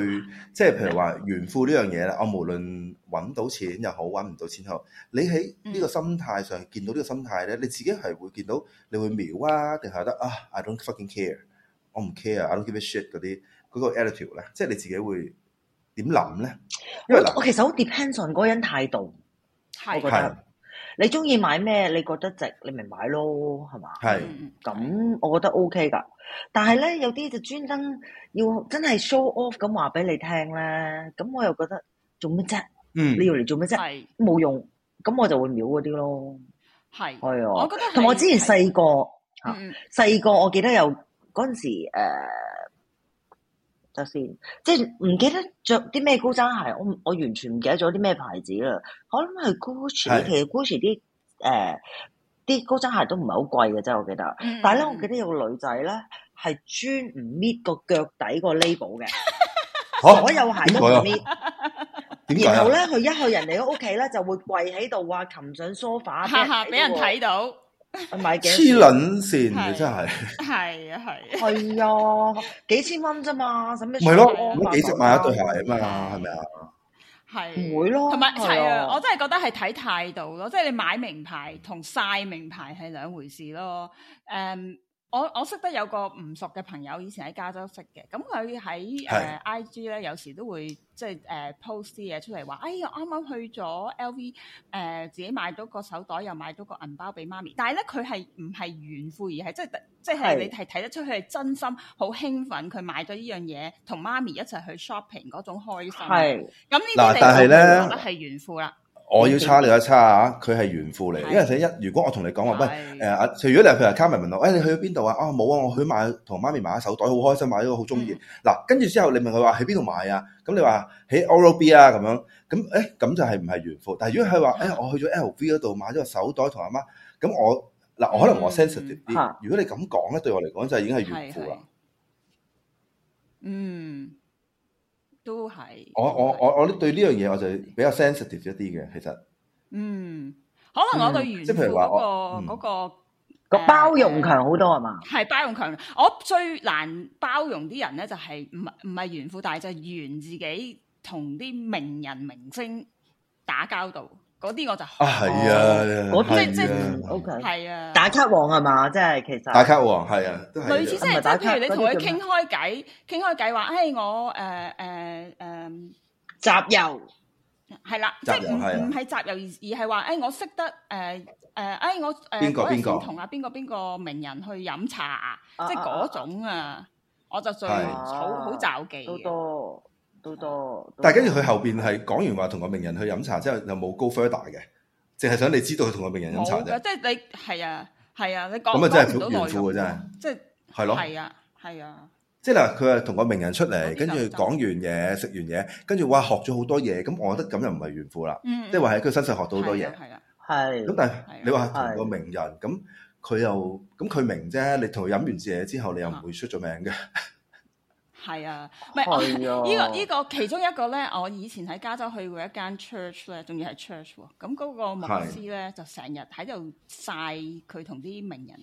即係、就是、譬如話炫富呢樣嘢咧，我無論揾到錢又好，揾唔到錢又好，你喺呢個心態上、嗯、見到呢個心態呢，你自己係會見到，你會瞄啊，定係覺得啊？I don't fucking care，我唔 care，I don't give a shit 嗰啲嗰個 attitude 咧，即、就、係、是、你自己會點諗呢？因為我其實好 depend on 嗰個人態度，係你中意買咩？你覺得值，你咪買咯，係嘛？係，咁我覺得 OK 噶。但係咧，有啲就專登要真係 show off 咁話俾你聽咧，咁我又覺得做乜啫？嗯，你要嚟做乜啫？冇用，咁我就會秒嗰啲咯。係，係、啊、我覺得同我之前細個，細個、嗯啊、我記得有嗰陣時誒就先，即係唔記得着啲咩高踭鞋，我我完全唔記得咗啲咩牌子啦。我諗係 gucci，是其實 gucci 啲誒啲高踭鞋都唔係好貴嘅啫。我記得，嗯、但係咧我記得有個女仔咧係專唔搣個腳底個 label 嘅， [laughs] 所有鞋都唔搣，啊啊。然後咧佢一去人哋屋企咧就會跪喺度話擒上 sofa，吓吓俾人睇到。 [laughs] 黐撚線，你真係係啊係。係啊，幾千蚊啫嘛，使咩唔係咯？唔會、嗯、幾十萬一對鞋啊嘛，係、嗯、咪啊？係唔會咯。同埋係啊，我真係覺得係睇態度咯，即、就、係、係、你買名牌同晒名牌係兩回事咯。Um, 我我識得有個唔熟嘅朋友，以前喺加州識嘅。咁佢喺誒 IG 咧有時都會即係誒 post 啲嘢出嚟話，哎呀啱啱去咗 LV，誒、呃、自己買到個手袋，又買到個銀包俾媽咪。但係咧佢係唔係炫富，而係即係即係你係睇得出佢係真心好興奮，佢買咗呢樣嘢，同媽咪一齊去 shopping 嗰種開心。係咁，呢啲你係覺得係炫富啦。我要差你一差啊！佢係炫富嚟，是因為第一，如果我同你講話，喂、呃，誒，如果你譬如話，Carmen 問我，喂、哎，你去咗邊度啊？啊、哦，冇啊，我去買同媽咪買下手袋，好開心，買咗個好中意。嗱，跟住之後你問佢話喺邊度買啊？咁你話喺 L B 啊，咁樣咁，誒、哎，咁就係唔係炫富？但係如果佢話，誒、哎，我去咗 LV 嗰度買咗個手袋同阿媽，咁我嗱，我可能我 sensitive 啲。嗯嗯、如果你咁講咧，對我嚟講就已經係炫富啦。嗯。都係，我都我我我對呢樣嘢我就比較 sensitive 一啲嘅，其實，嗯，可能我對炫即係嗰個個、嗯那個包容強好多係嘛，係、嗯嗯、包容強，我最難包容啲人咧就係唔係唔係炫富，但係就炫自己同啲名人明星打交道。嗰啲我就啊係啊，嗰啲即係 OK 係啊，打卡王係嘛？即係其實打卡王係啊,啊，類似係係係即係即係譬如你同佢傾開偈，傾開偈話誒我誒誒誒，集郵係啦，即係唔唔係集郵、啊、而而係話誒我識得誒誒誒我誒邊個邊個同阿邊個邊個名人去飲茶，啊、即係嗰種啊,啊，我就最好好找記嘅。都多，多，多，多，但係跟住佢後邊係講完話同個名人去飲茶，之後又冇 go further 嘅，淨係想你知道佢同個名人飲茶啫。即係、就是、你係啊，係啊，你講咁啊，真係好炫富嘅真係。即係係咯，係啊，係啊，啊。即係嗱，佢啊同個名人出嚟，跟住講完嘢，食完嘢，跟住哇學咗好多嘢。咁我覺得咁又唔係炫富啦。嗯，嗯，即係話喺佢身上學到好多嘢。係啊，係、啊。咁、啊、但係你話同個名人，咁佢、啊啊、又咁佢明啫。你同佢飲完嘢之後，你又唔會出咗名嘅。係啊，唔係我呢個呢、呢個其中一個咧，我以前喺加州去過一間 church 咧，仲要係 church 喎。咁嗰個牧師咧就成日喺度晒佢同啲名人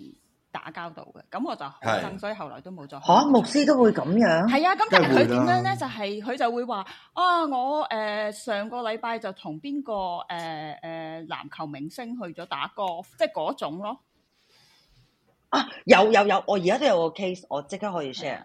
打交道嘅。咁我就好憎，啊，所以後來都冇再嚇，啊、牧師都會咁樣。係啊，咁但係佢點樣咧，啊？就係、係，佢就會話啊，我誒，呃、上個禮拜就同邊個誒誒籃球明星去咗打 golf，即係嗰種咯。啊，有有有，我而家都有個 case，我即刻可以 share。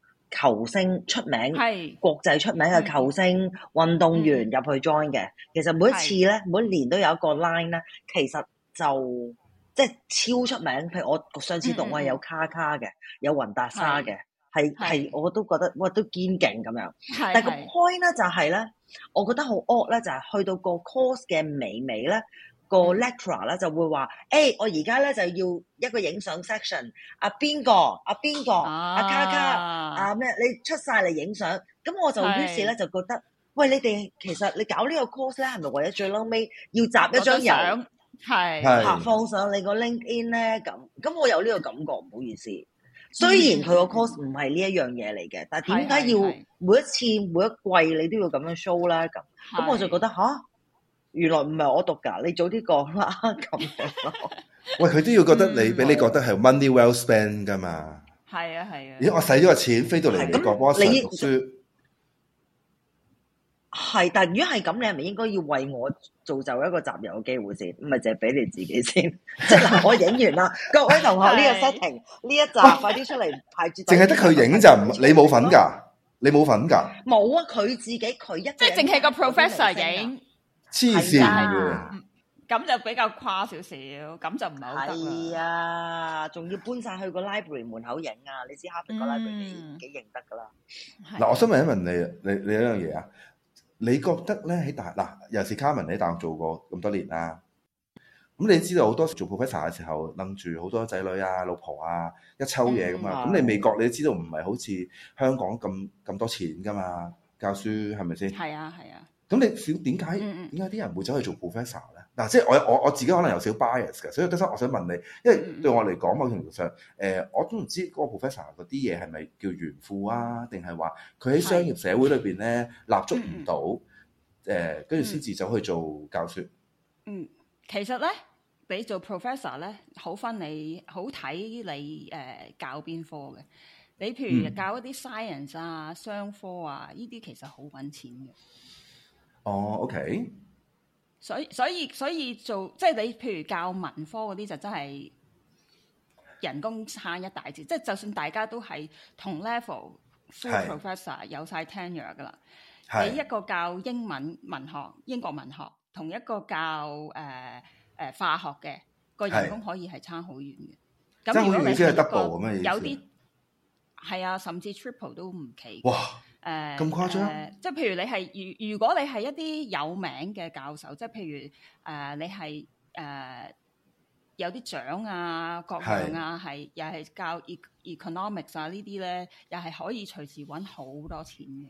球星出名，係國際出名嘅球星運動員入去 join 嘅、嗯嗯。其實每一次咧，每年都有一個 line 咧，其實就即係、就是、超出名。譬如我上次讀我係有卡卡嘅、嗯，有雲達沙嘅，係係我都覺得我都堅勁咁樣。但係個 point 咧就係咧，我覺得好 odd 咧，就係、是、去到個 course 嘅尾尾咧。個 lecturer 咧就會話，誒、欸，我而家咧就要一個影相 section，啊邊個啊邊個啊，啊卡卡啊咩？你出晒嚟影相，咁我就於是咧就覺得，喂，你哋其實你搞呢個 course 咧，係咪為咗最撈尾要集一張相，係，嚇放上你個 LinkedIn 咧？咁，咁我有呢個感覺，唔好意思。雖然佢個 course 唔係呢一樣嘢嚟嘅，但係點解要每一次是是是每一季你都要咁樣 show 啦？咁，咁我就覺得嚇。原來唔係我讀噶，你早啲講啦。咁樣咯， [laughs] 喂，佢都要覺得你俾、嗯、你覺得係 money well spent 噶嘛？係啊係啊，咦，我使咗個錢、啊、飛到嚟美國幫我讀書。係，但如果係咁，你係咪應該要為我造就一個集郵嘅機會先？唔係淨係俾你自己先。即係嗱，我影完啦，各位同學呢個 setting 呢一集 [laughs] 快啲出嚟派 [laughs] 住。淨係得佢影就唔、是，你冇份噶、啊，你冇份噶。冇啊，佢、啊、自己佢一即係淨係個 professor 影。黐線啊！咁、嗯、就比較誇少少，咁就唔係好得係啊，仲、哎、要搬晒去個 library 門口影啊！你知道哈佛個 library 幾、嗯、幾認得噶啦。嗱、嗯，我想問一問你，你你一樣嘢啊？你覺得咧喺大嗱，尤其是 Carmen 喺大學做過咁多年啦。咁你知道好多時做 professor 嘅時候，擸住好多仔女啊、老婆啊，一抽嘢噶嘛。咁、嗯、你美國，你知道唔係好似香港咁咁多錢噶嘛？教書係咪先？係啊，係啊。是咁你少點解點解啲人會走去做 professor 咧？嗱、嗯嗯啊，即係我我我自己可能有少 bias 嘅，所以得心我想問你，因為對我嚟講、嗯嗯、某程度上，誒、呃，我都唔知嗰個 professor 嗰啲嘢係咪叫炫富啊，定係話佢喺商業社會裏邊咧立足唔到，誒，跟住先至走去做教書。嗯，其實咧，你做 professor 咧，好分好睇你好睇你誒教邊科嘅。你譬如教一啲 science 啊、商科啊，呢啲其實好揾錢嘅。哦、oh，OK 所。所以所以所以做即係你，譬如教文科嗰啲就真係人工差一大截。即係就算大家都係同 level full professor 有晒 tenure 噶啦，你一個教英文文學、英國文學，同一個教誒誒、呃、化學嘅個人工可以係差好遠嘅。即係我意思係 double 咁嘅意思。有啲係啊，甚至 triple 都唔奇。哇誒，咁誇張？呃、即係譬如你係，如如果你係一啲有名嘅教授，即係譬如誒、呃，你係誒、呃、有啲獎啊，各樣啊，係又係教 economics 啊呢啲咧，又係可以隨時搵好多錢嘅。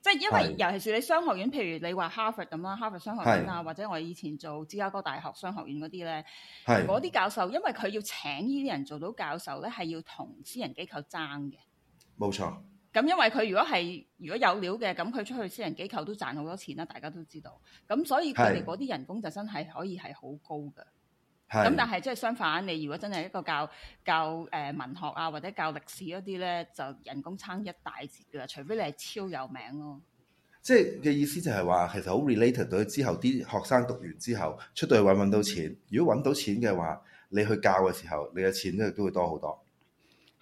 即係因為尤其是你商學院，譬如你話哈佛咁啦，哈佛商學院啊，或者我以前做芝加哥大學商學院嗰啲咧，嗰啲教授，因為佢要請呢啲人做到教授咧，係要同私人機構爭嘅。冇錯。咁、嗯、因為佢如果係如果有料嘅，咁佢出去私人機構都賺好多錢啦，啊，大家都知道。咁所以佢哋嗰啲人工就真係可以係好高㗎。咁但係即係相反，你如果真係一個教教誒文學啊或者教歷史嗰啲咧，就人工差一大截㗎喇。除非你係超有名咯。即係嘅意思就係話，其實好 related 到之後啲學生讀完之後出到去揾揾到錢。如果揾到錢嘅話，你去教嘅時候，你嘅錢都都會多好多。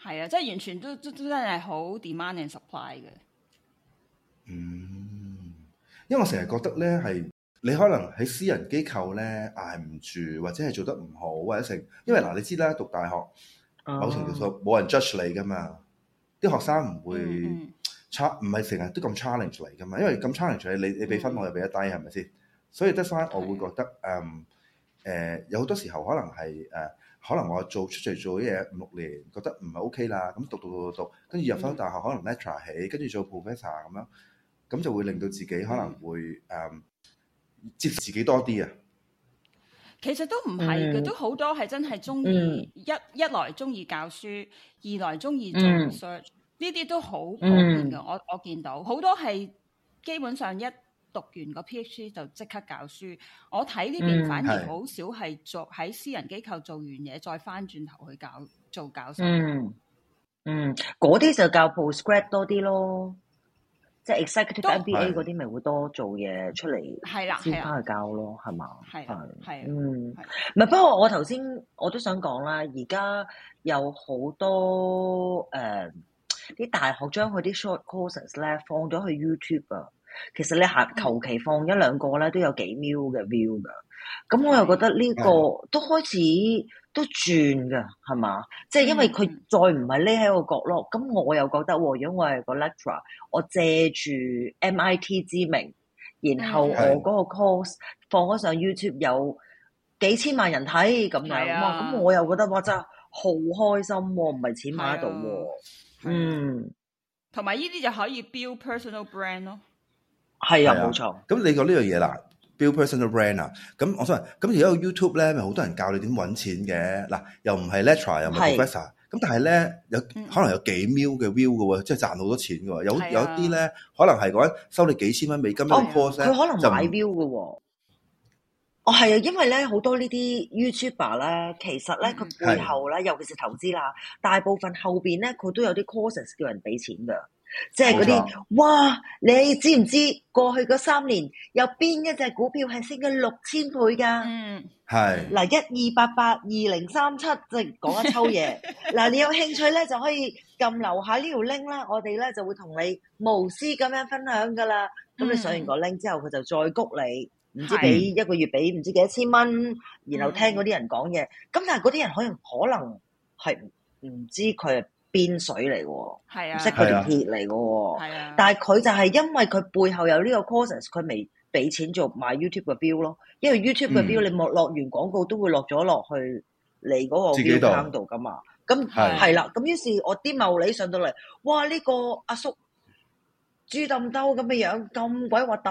係啊，即係完全都都真係好 demand and supply 嘅。嗯，因為我成日覺得咧係，你可能喺私人機構咧挨唔住，或者係做得唔好，或者成，因為嗱、嗯、你知啦，讀大學某程度上冇人 judge 你噶嘛，啲、嗯、學生唔會差，唔係成日都咁 challenge 嚟噶嘛，因為咁 challenge 你，你你俾分我又俾得低，係咪先？所以得翻我會覺得，嗯，誒、呃，有好多時候可能係誒。呃可能我做出嚟做啲嘢五六年，覺得唔係 OK 啦，咁讀讀讀讀讀，跟住入翻大學、嗯、可能 Matura 起，跟住做 professor 咁樣，咁就會令到自己可能會誒、嗯、接自己多啲啊。其實都唔係嘅、嗯，都好多係真係中意一一來中意教書，二來中意做 search 呢啲都好普遍嘅、嗯。我我見到好多係基本上一。讀完個 PhD 就即刻教書，我睇呢邊反而好少係做喺私人機構做完嘢、嗯、再翻轉頭去教做教授。嗯嗯，嗰啲就教 Postgrad 多啲咯，即係 Executive MBA 嗰啲咪會多做嘢出嚟，先翻去教咯，係嘛？係係嗯，唔係。不過我頭先我都想講啦，而家有好多誒啲、uh，大學將佢啲 short courses 咧放咗去 YouTube 啊。其實你下求其放一兩個咧、嗯，都有幾秒嘅 view 噶。咁我又覺得呢個都開始都轉噶，係嘛？即、就、係、是、因為佢再唔係匿喺個角落，咁、嗯嗯、我又覺得、哦，如果我係個 lecturer，我借住 MIT 之名，然後我嗰個 course 放咗上 YouTube，有幾千萬人睇咁樣啊，咁我又覺得哇，真係好開心喎，唔係錢買到喎，嗯，同埋呢啲就可以 build personal brand 咯。係啊，冇錯。咁你講呢樣嘢啦，build personal brand 啊。咁、嗯、我想問，咁而家 YouTube 咧，咪好多人教你點搵錢嘅。嗱，又唔係 lecturer 又唔係 professor 是。咁但係咧，有、嗯、可能有幾 mil 嘅 view 嘅喎，即係賺好多錢噶。有、啊、有啲咧，可能係講收你幾千蚊美金嘅個 course，佢可能買 view 噶、哦。哦，係啊，因為咧好多呢啲 YouTuber 咧，其實咧佢背後咧、嗯，尤其是投資啦，大部分後邊咧佢都有啲 courses 叫人俾錢噶。即係嗰啲，哇！你知唔知過去嗰三年有邊一隻股票係升咗六千倍噶？嗯，係。嗱，一二八八、二零三七，即係講一抽嘢。嗱，你有興趣咧，就可以撳樓下呢條 link 啦。我哋咧就會同你無私咁樣分享噶啦。咁你上完個 link 之後，佢就再谷你，唔知俾一個月俾唔知幾多千蚊，然後聽嗰啲人講嘢。咁但係嗰啲人可能可能係唔知佢係邊水嚟㗎？係啊，唔識佢條鐵嚟㗎。係啊，啊，但係佢就係因為佢背後有呢個 c a u s e s 佢未俾錢做買 YouTube 嘅 b i 咯。因為 YouTube 嘅 b、嗯、你落落完廣告都會落咗落去你嗰個 b i 度㗎嘛。咁係啦。咁、啊啊、於是，我啲謀利上到嚟，哇！呢、這個阿叔豬冧兜咁嘅樣，咁鬼核突。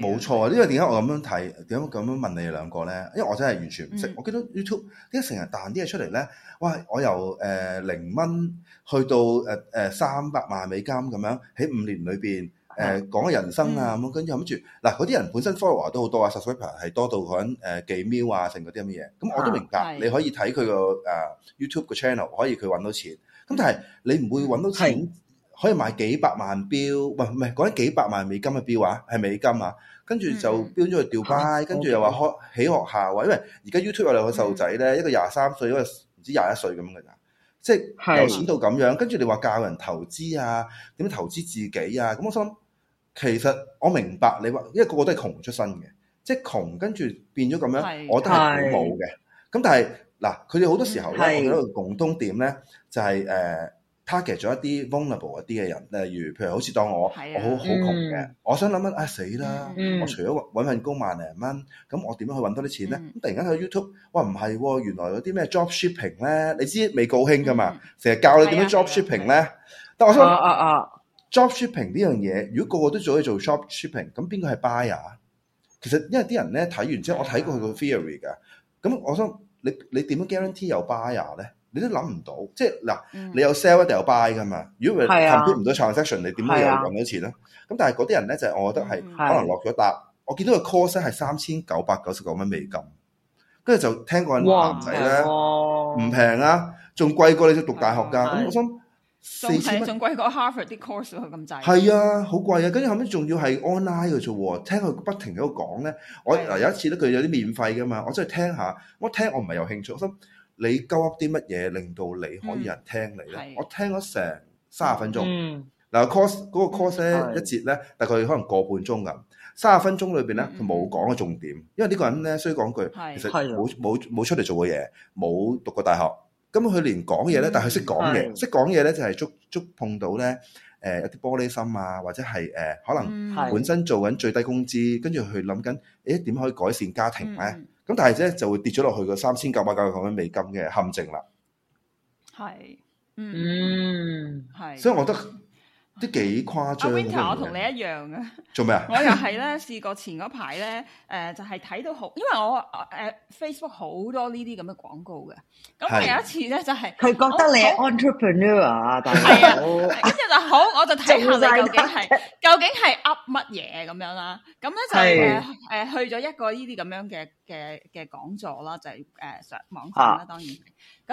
冇錯啊！因為點解我咁樣睇，點解咁樣問你哋兩個咧？因為我真係完全唔識、嗯。我記得 YouTube 點解成日彈啲嘢出嚟咧？哇！我由誒零蚊去到誒三百萬美金咁樣喺五年裏邊誒講人生啊咁，跟住諗住嗱嗰啲人本身 follower 都好多啊，subscriber 係多到揾誒幾秒啊，成嗰啲咁嘅嘢。咁我都明白，你可以睇佢個誒 YouTube 個 channel 可以佢揾到錢，咁但係你唔會揾到錢。可以買幾百萬標，唔係唔係講緊幾百萬美金嘅標啊，係美金啊，跟住就標咗去掉牌，mm -hmm. 跟住又話開起學校啊，okay. 因為而家 YouTube 有兩個細路仔咧，mm -hmm. 一個廿三歲，一個唔知廿一歲咁樣噶咋，即係有錢到咁樣，mm -hmm. 跟住你話教人投資啊，點樣投資自己啊，咁我心其實我明白你話，因為個個都係窮出身嘅，即係窮跟住變咗咁樣，mm -hmm. 我都係冇嘅，咁、mm -hmm. 但係嗱，佢哋好多時候咧，mm -hmm. 我哋個個共通點咧就係呃 target 咗一啲 vulnerable 一啲嘅人，例如譬如好似當我、啊、我好好窮嘅，我想諗緊，啊死啦！我除咗搵份工萬零蚊，咁我點樣去搵多啲錢咧？咁、嗯、突然間去 YouTube，哇唔係，原來嗰啲咩 drop shipping 咧，你知未告興噶嘛？成、嗯、日教你點樣 drop shipping 咧、啊啊啊啊，但我想啊啊，啊，drop shipping 呢樣嘢，如果個個都做去做 drop shipping 咁邊個係 buyer？其實因為啲人咧睇完之後，啊、我睇過佢個 theory 噶，咁我想你你點樣 guarantee 有 buyer 咧？你都諗唔到，即係嗱，你有 sell 一定有 buy 噶嘛。如果唔係唔到 transaction，你點會有咁多錢咧？咁、啊、但係嗰啲人咧，就我覺得係可能落咗搭。我見到個 course 係三千九百九十九蚊美金，跟住就聽個男仔咧，唔平啊仲、哦、貴過你讀大學㗎。咁、啊、我想四千蚊，仲貴過 Harvard 啲 course 係咁滯。係啊，好貴啊！跟住後尾仲要係 online 嘅啫喎。聽佢不停喺度講咧，我嗱有一次咧，佢有啲免費㗎嘛，我真係聽下。我聽我唔係有興趣，我心……你鳩噏啲乜嘢令到你可以有人聽你咧？我聽咗成三十分鐘，嗱 course 嗰個 course 咧，一節咧，大概可能個半鐘咁。三十分鐘裏邊咧，佢冇講過重點，因為呢個人咧，雖然講句，其實冇冇冇出嚟做過嘢，冇讀過大學。咁佢連講嘢咧，但係佢識講嘢，識講嘢咧就係觸觸碰到咧，誒一啲玻璃心啊，或者係誒可能本身做緊最低工資，跟住佢諗緊，誒點可以改善家庭咧？咁但係呢就會跌咗落去個三千九百九十九蚊美金嘅陷阱啦。係，嗯，係，嗯，所以我覺得。都幾誇張。阿 Winter，是是我同你一樣嘅。做咩啊？ [laughs] 我又係咧，試過前嗰排咧，誒、呃，就係、是、睇到好，因為我誒、呃、Facebook 好多呢啲咁嘅廣告嘅。咁有一次咧，就係、是、佢覺得你 entrepreneur、entrepreneur 啊，大佬，跟住就好，我就睇下你究竟係 [laughs] 究竟係噏乜嘢咁樣啦。咁咧就誒誒、呃、去咗一個呢啲咁樣嘅嘅嘅講座啦，就係、是、誒、呃、上網上啦，當然。咁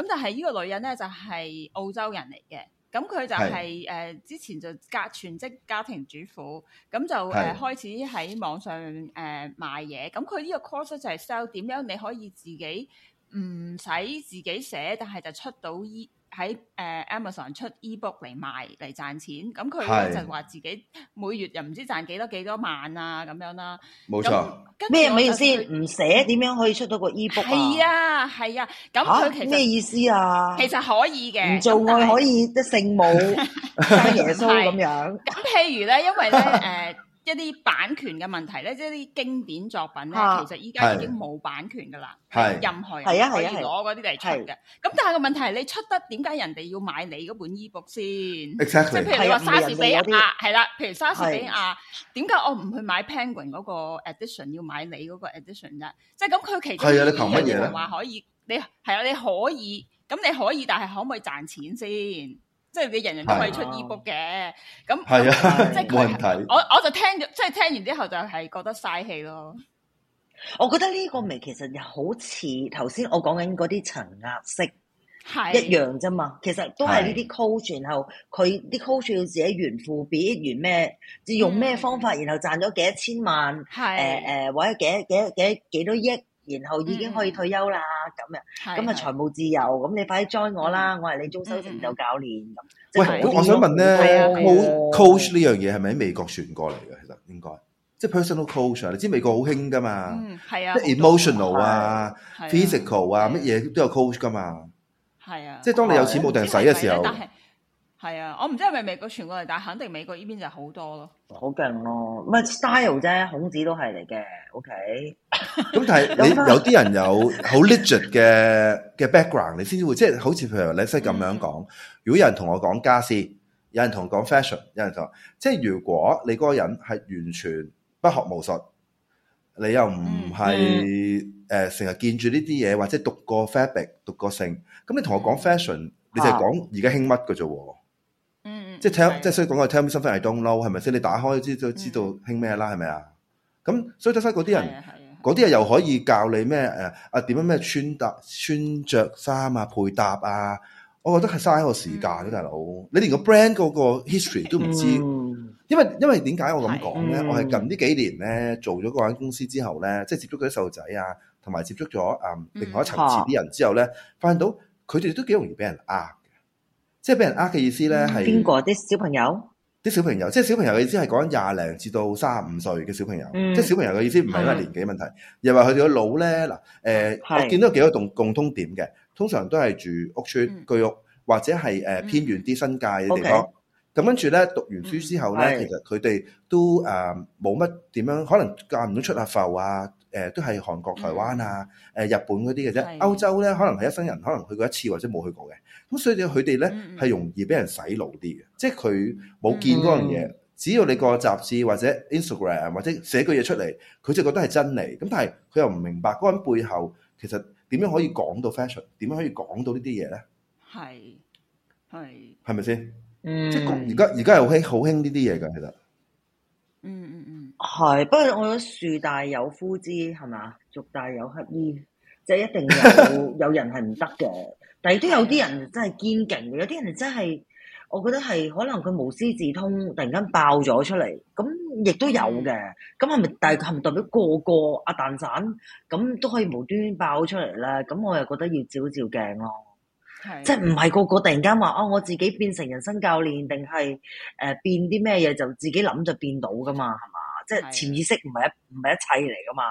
但係呢個女人咧就係、是、澳洲人嚟嘅。咁佢就係、是、誒、呃、之前就隔全職家庭主婦，咁就誒、呃、開始喺網上誒、呃、賣嘢。咁佢呢個 course 就係 sell 點樣你可以自己唔使自己寫，但係就出到依。喺誒 Amazon 出 ebook 嚟賣嚟賺錢，咁佢咧就話自己每月又唔知賺幾多幾多萬啊咁樣啦。冇錯，咩意思？唔寫點樣可以出到個 ebook 啊？係啊係啊，咁佢、啊、其實咩、啊、意思啊？其實可以嘅，唔做愛可以即聖母生耶穌咁樣。咁 [laughs] 譬如咧，因為咧誒。 [laughs] 一啲版權嘅問題咧，即係啲經典作品咧、啊，其實依家已經冇版權噶啦，係任何人可以攞嗰啲嚟出嘅。咁但係個問題係，你出得點解人哋要買你嗰本 ebook 先？即係譬如你話莎士比亞係啦，譬如莎士比亞，點解我唔去買 Penguin 嗰個 edition 要買你嗰個 edition 呢？即係咁佢其實有啲人話可，可以，你係啊你可以，咁你可以，但係可唔可以賺錢先？即係你人人都可以出 ebook 嘅，咁、啊啊啊、即係問題。我我就聽咗，即、就、係、是、聽完之後就係覺得嘥氣咯。我覺得呢個咪其實又好似頭先我講緊嗰啲層壓式一樣啫嘛。其實都係呢啲 coach，然後佢啲 coach 要自己圓副筆圓咩？即用咩方法、嗯，然後賺咗幾多千萬？係誒誒，或者幾多幾多幾幾多億？然後已經可以退休啦，咁、嗯、樣咁啊財務自由，咁你快啲 join 我啦，是我係你終生成就教練咁。喂、嗯，我想問咧，我 coach 呢樣嘢係咪喺美國傳過嚟嘅？其實應該，即係 personal coach 啊，你知美國好興噶嘛？嗯，係啊，即係 emotional 啊，physical 啊，乜嘢都有 coach 噶嘛。係啊，即係當你有錢冇地方使嘅時候。係啊，我唔知係咪美國傳過嚟，但係肯定美國呢邊就好多咯，好勁咯。唔係 style 啫，孔子都係嚟嘅。OK，咁 [laughs] 但係你有啲人有好 legit 嘅嘅 background，你先至會即係、就是、好似譬如李 Sir 咁樣講、嗯。如果有人同我講家私，有人同我講 fashion，有人同我即係如果你嗰個人係完全不學無術，你又唔係誒成日見住呢啲嘢，或者讀過 fabric 讀過性咁、嗯，你同我講 fashion，你就係講而家興乜嘅啫喎。啊即係聽，即係所以講話聽 Don't know，係咪先？你打開知就知道興咩啦，係咪啊？咁所以得翻嗰啲人，嗰啲人又可以教你咩啊點樣咩穿搭、穿着衫啊、配搭啊？我覺得係嘥個時間咯、啊，大、嗯、佬。你連個 brand 嗰個 history 都唔知、嗯，因為因為點解我咁講咧？我係近呢幾年咧做咗嗰間公司之後咧，即、就、係、是、接觸嗰啲細路仔啊，同埋接觸咗誒、嗯、另外一層次啲人之後咧，發現到佢哋都幾容易俾人啊即係俾人呃嘅意思咧，係邊個啲小朋友？啲小朋友，即係小朋友嘅意思係講緊廿零至到卅五歲嘅小朋友，嗯、即係小朋友嘅意思唔係因為年紀問題，又話佢哋個腦咧嗱，誒，我、呃、見到有幾個共共通點嘅，通常都係住屋村、居、嗯、屋或者係誒偏遠啲新界嘅地方。咁跟住咧讀完書之後咧、嗯，其實佢哋都誒冇乜點樣，可能間唔中出下埠啊，誒、呃，都係韓國、台灣啊、誒、嗯、日本嗰啲嘅啫。歐洲咧，可能係一生人可能去過一次或者冇去過嘅。咁所以佢哋咧係容易俾人洗腦啲嘅，即係佢冇見嗰樣嘢，只要你個雜誌或者 Instagram 或者寫句嘢出嚟，佢就覺得係真理。咁但係佢又唔明白嗰個人背後其實點樣可以講到 fashion，點樣可以講到這些呢啲嘢咧？係係係咪先？即係而家而家又興好興呢啲嘢嘅，其實。嗯嗯嗯，係、嗯。不過我覺得「樹大有枯枝，係嘛？族大有乞兒，即係一定有 [laughs] 有人係唔得嘅。但係都有啲人真係堅勁嘅，有啲人真係，我覺得係可能佢無師自通，突然間爆咗出嚟，咁亦都有嘅。咁係咪？但係咪代表個個阿蛋散，咁都可以無端端爆出嚟咧？咁我又覺得要照照鏡咯，即係唔係個個突然間話、啊、我自己變成人生教練，定係誒變啲咩嘢就自己諗就變到噶嘛？係嘛？即係潛意識唔係一唔係一切嚟噶嘛？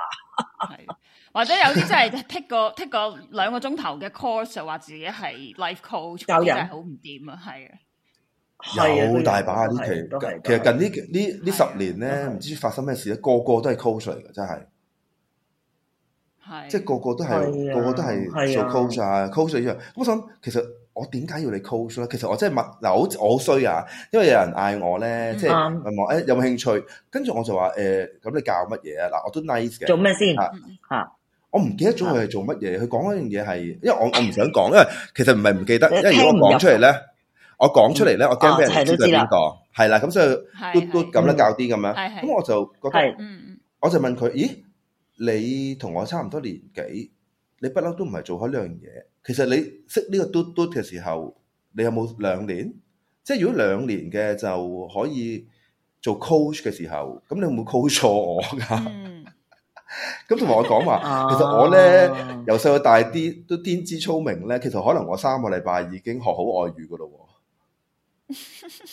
或者有啲真係 take 個 [laughs] take 個兩個鐘頭嘅 course 就話自己係 life coach 真係好唔掂啊，係啊，有大把啊呢期，其實近呢呢呢十年咧，唔知發生咩事咧，個個都係 coach 嚟嘅，真係，係，即係個個都係個個都係做 coach 啊 coach，我想其實我點解要你 coach 咧？其實我真係物嗱，我我衰啊，因為有人嗌我咧，即係、嗯嗯、問我誒、欸、有冇興趣，跟住我就話誒，咁你教乜嘢啊？嗱，我都 nice 嘅，做咩先啊？啊我唔記得咗佢係做乜嘢，佢講嗰樣嘢係，因為我我唔想講，因為其實唔係唔記得，因為如果我講出嚟咧，我講出嚟咧，我驚俾人知佢係邊個，係啦，咁所以嘟嘟咁樣教啲咁樣，咁我就覺得，我就問佢，咦，你同我差唔多年紀，你不嬲都唔係做開呢樣嘢，其實你識呢個嘟嘟嘅時候，你有冇兩年？即係如果兩年嘅就可以做 coach 嘅時候，咁你會唔會 coach 錯我噶？咁同埋我講話，其實我咧、啊、由細到大啲都天資聰明咧，其實可能我三個禮拜已經學好外語噶咯，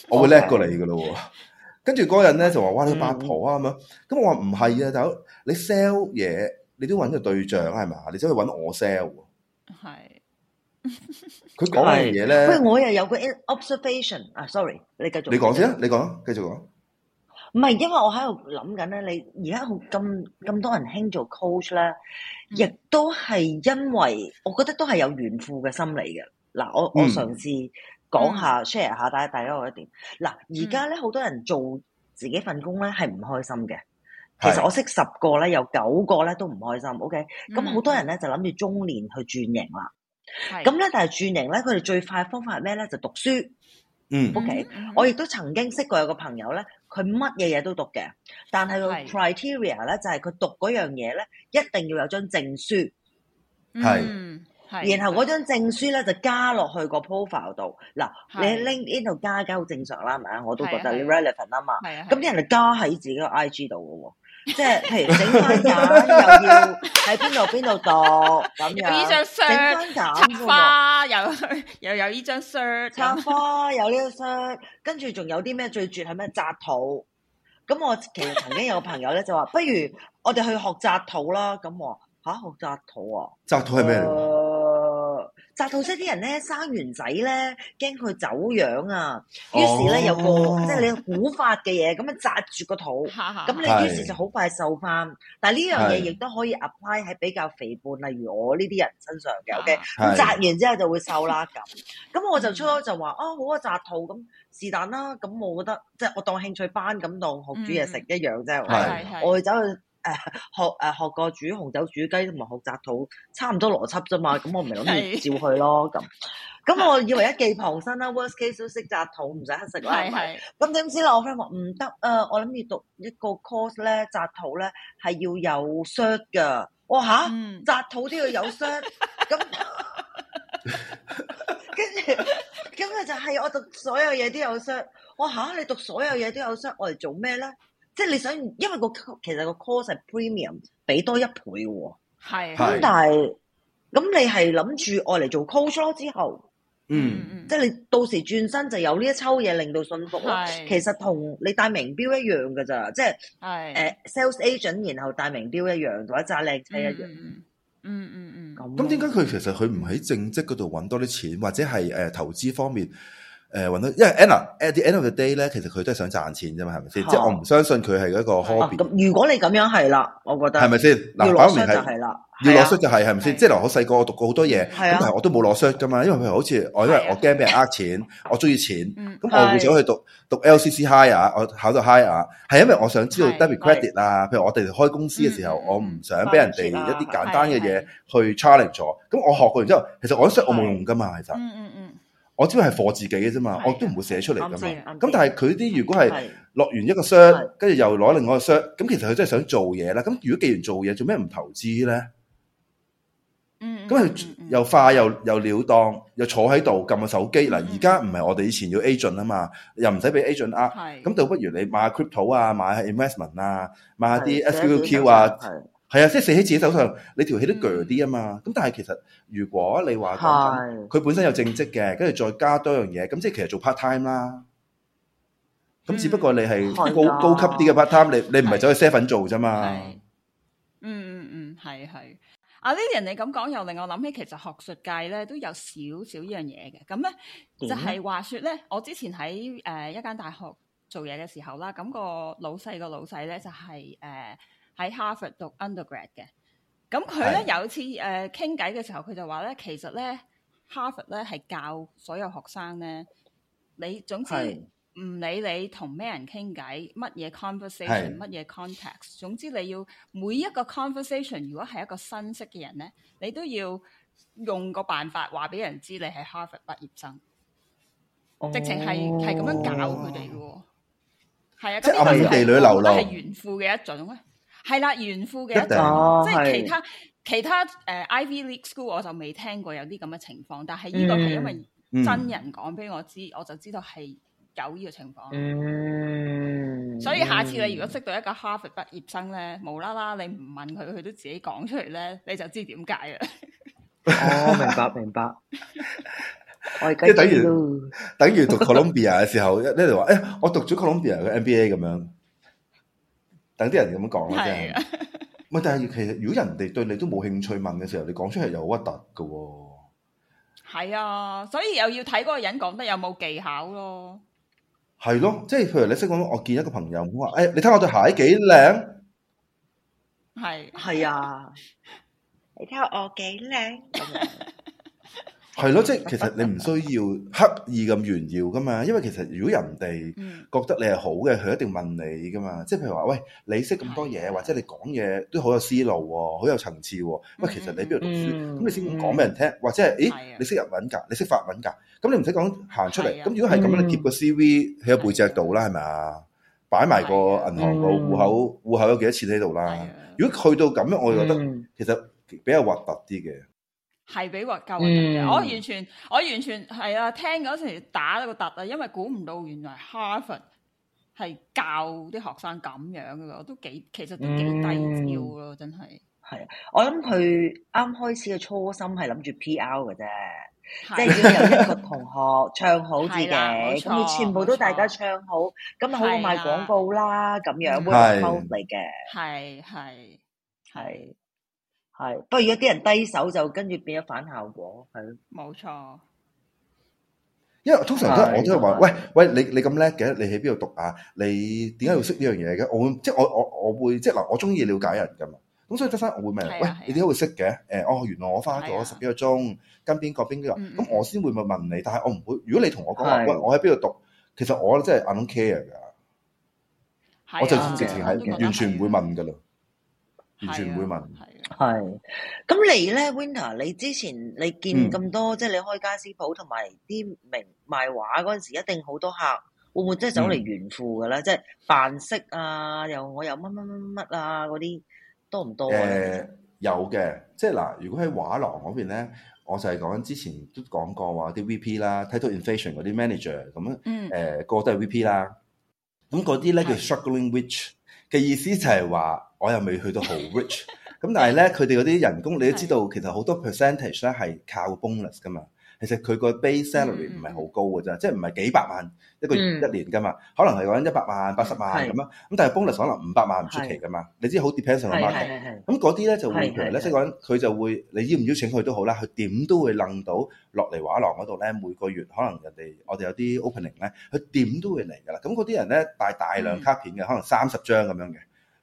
我會叻過你噶咯。跟住嗰人咧就話，哇、嗯，你八婆啊咁樣。咁我話唔係啊，大佬，你 sell 嘢，你都要揾個對象係咪？你走去揾我 sell。係。佢 [laughs] 講呢樣嘢咧，喂，我又有個 observation 啊，sorry，你繼續，你講先，你講，繼續講。唔係，因為我喺度諗緊咧。你而家好咁咁多人興做 coach 咧，亦都係因為我覺得都係有炫富嘅心理嘅。嗱，我我嘗試講下、嗯、share 下大，大家大家覺得點。嗱，而家咧好多人做自己份工咧係唔開心嘅。其實我識十個咧，有九個咧都唔開心。OK，咁好多人咧就諗住中年去轉型啦。咁咧，但係轉型咧，佢哋最快嘅方法係咩咧？就讀書。嗯，OK 嗯嗯。我亦都曾經識過有個朋友咧。佢乜嘢嘢都讀嘅，但係個 criteria 咧就係佢讀嗰樣嘢咧一定要有張證書，係，然後嗰張證書咧就加落去個 profile 度嗱，你 LinkedIn 度加梗係好正常啦，係咪啊？我都覺得你 relevant 啊嘛，咁啲人就加喺自己個 IG 度嘅喎。 [laughs] 即係，譬如整山簡又要喺邊度邊度讀，咁樣。 [laughs] 整山簡插花又又有呢張相插花有呢張相。跟住仲有啲咩最絕係咩紮肚？咁我其實曾經有個朋友咧就話， [laughs] 不如我哋去學紮肚啦。咁吓學紮肚啊？紮肚係咩？紮肚，即啲人咧生完仔咧，驚佢走樣啊，於是咧有個即係、oh. 你古法嘅嘢咁樣紮住個肚，咁 [laughs] 你於是就好快瘦翻。 [laughs] 但係呢樣嘢亦都可以 apply 喺比較肥胖，例如我呢啲人身上嘅。 [laughs] O.K. 咁紮完之後就會瘦啦。咁 [laughs] 咁我就初初就話 [laughs] 啊，好啊，紮肚咁是但啦。咁我覺得即係、就是、我當興趣班咁當學煮嘢食一樣啫。係係，我會走去誒、啊，學誒、啊、學過煮紅酒煮雞同埋學紮肚，差唔多邏輯啫嘛。咁我咪諗住照去咯。咁 [laughs] 咁我以為一技傍身啦，worst case 都識紮肚，唔使乞食啦。係 [laughs] 係不是。咁點知啦？我 friend 話唔得啊！我諗住讀一個 course 咧，紮肚咧係要有 shut 噶。哇吓，紮肚都要有 shut。咁跟住，咁佢就係我讀所有嘢，都有 shut 我吓、啊，你讀所有嘢都有 shut 我嚟做咩咧？即係你想，因為個其實個 course 係 premium 俾多一倍喎。係。咁但係，咁你係諗住愛嚟做 coach 咯？之後，嗯，即係你到時轉身就有呢一抽嘢令到信服咯。其實同你戴名錶一樣㗎咋，即係誒 sales agent，然後戴名錶一樣，同一揸靚車一樣。嗯嗯嗯，嗯、就是。咁點解佢其實佢唔喺正職嗰度揾多啲錢，或者係誒投資方面？誒因為 Anna at the end of the day 咧，其實佢都係想賺錢啫嘛，係咪先？啊、即係我唔相信佢係一個 hobby 咁、啊、如果你咁樣係啦，我覺得係咪先？嗱，反方面係要攞 shut 就係，係咪先？即係嗱，我細個我讀過好多嘢，咁、啊、但係我都冇攞 shut 噶嘛，因為譬如好似我因為我驚俾人呃錢，啊、我中意錢，咁、啊、我會走去讀、啊、讀 LCC high 啊，我考到 high 啊，係因為我想知道 debit credit 啊。啊譬如我哋開公司嘅時候，啊、我唔想俾人哋一啲簡單嘅嘢去 challenge 咗。咁、啊、我學過完之後，其實我啲 shut 我冇用噶嘛，啊、其實。啊、嗯嗯，嗯。我只係貨自己嘅啫嘛，我都唔會寫出嚟咁樣。咁、嗯、但係佢啲如果係落完一個 shirt 跟住又攞另外一個 shirt 咁其實佢真係想做嘢啦。咁如果既然做嘢，做咩唔投資咧？嗯。咁佢又快又、嗯又,嗯、又,又了當，又坐喺度撳個手機。嗱、嗯，而家唔係我哋以前要 agent 啊嘛，又唔使俾 agent 壓咁就不如你買下 crypto 啊，買下 investment 啊，買下啲 SQQQ 啊。係啊，即係死喺自己手上，你條氣都鋸啲啊嘛。咁、嗯、但係其實如果你話佢本身有正職嘅，跟住再加多樣嘢，咁即係其實做 part time 啦。咁、嗯、只不過你係高是的高級啲嘅 part time，你你唔係走去 seven 做啫嘛。嗯嗯嗯，係係。阿 Lilian，你咁講又令我諗起，其實學術界咧都有少少呢樣嘢嘅。咁咧就係、是、話說咧、嗯，我之前喺誒、呃、一間大學做嘢嘅時候啦，咁、那個老細個老細咧就係、是、誒。呃喺哈佛讀 undergrad 嘅，咁佢咧有一次誒傾偈嘅時候，佢就話咧，其實咧哈佛咧係教所有學生咧，你總之唔理你同咩人傾偈，乜嘢 conversation，乜嘢 context，總之你要每一個 conversation，如果係一個新識嘅人咧，你都要用個辦法話俾人知你係哈佛畢業生，哦、直情係係咁樣教佢哋嘅，係、哦、啊，即係地里流流係炫富嘅一種咧。係啦，炫富嘅一種，一即係其他其他誒、uh，Ivy League School 我就未聽過有啲咁嘅情況，但係呢個係因為真人講俾我知、嗯嗯，我就知道係有呢個情況。嗯，所以下次你如果識到一個哈佛畢業生咧，無啦啦你唔問佢，佢都自己講出嚟咧，你就知點解啦。哦，明白明白。即 [laughs] 係等於等於讀 Columbia 嘅時候，咧就話誒，我讀咗 Columbia 嘅 MBA 咁樣。等啲人咁樣講啦啫，唔係，但係其實如果人哋對你都冇興趣問嘅時候，你講出嚟又好核突㗎，係啊，所以又要睇嗰個人講得有冇技巧咯，係咯，即係譬如你識講，我見一個朋友咁話，誒，你睇我對鞋幾靚，係係啊，你睇我幾靚咁樣。係咯，即係其實你唔需要刻意咁炫耀噶嘛，因為其實如果人哋覺得你係好嘅，佢、嗯、一定問你噶嘛。即係譬如話，喂，你識咁多嘢，或者你講嘢都好有思路喎、哦，好有層次喎。喂，其實你邊度讀書？咁、嗯、你先咁講俾人聽、嗯，或者係，咦，你識日文噶？你識法文噶？咁你唔使講行出嚟。咁如果係咁樣，嗯、你貼個 CV 喺個背脊度啦，係咪啊？擺埋個銀行個戶口，戶口有幾多錢喺度啦？如果去到咁樣，我就覺得其實比較核突啲嘅。係俾話教嘅、嗯，我完全我完全係啊！聽嗰時打咗個突啊，因為估唔到原來 Harvard 係教啲學生咁樣噶，我都幾其實都幾低調咯，真係。係啊，我諗佢啱開始嘅初心係諗住 PR 嘅啫，即係、啊就是、有一個同學唱好自己。咁、 [laughs] 啊、全部都大家唱好，咁咪好過賣廣告啦，咁、啊、樣、啊、會 hold 嚟嘅，係係係。係，不過而家啲人低手就跟住變咗反效果，係冇錯。因為通常都係我都係話，喂喂，你你咁叻嘅，你喺邊度讀啊？你點解要識呢樣嘢嘅？我會即係我我我會即係嗱，我中意了解人噶嘛，咁所以得返我會問，嗯、喂，你點解會識嘅？誒，哦，原來我花咗十幾個鐘跟邊個邊個，咁、嗯嗯、我先會咪問你，但係我唔會。如果你同我講話，喂，我喺邊度讀？其實我真係 I don't care 噶，我就直情係完全唔會問噶啦，完全唔會問。係，咁你咧，Winter，你之前你見咁多，嗯、即係你開家私鋪同埋啲名賣畫嗰陣時，一定好多客會會走，會唔會即係走嚟炫富噶啦，即係扮識啊，又我又乜乜乜乜啊嗰啲多唔多？誒、啊呃，有嘅，即係嗱、呃，如果喺畫廊嗰邊咧，我就係講緊之前都講過話啲 VP 啦，睇、嗯、到 inflation 嗰啲 manager 咁樣，誒、嗯呃，個，個都係 VP 啦，咁嗰啲咧叫 struggling rich 嘅意思就係話我又未去到好 rich。 [laughs] 咁但係咧，佢哋嗰啲人工，你都知道，其實好多 percentage 咧係靠 bonus 噶嘛。其實佢個 base salary 唔係好高嘅啫、嗯，即係唔係幾百萬一個月、嗯、一年噶嘛。可能係講一百萬、八十萬咁樣。咁但係 bonus 可能五百萬唔出奇噶嘛。你知好 depends on 嘅 market。咁嗰啲咧就會咧，即係講佢就會，你邀唔邀請佢都好啦，佢點都會掕到落嚟畫廊嗰度咧。每個月可能人哋我哋有啲 opening 咧，佢點都會嚟噶啦。咁嗰啲人咧帶大量卡片嘅，可能三十張咁樣嘅。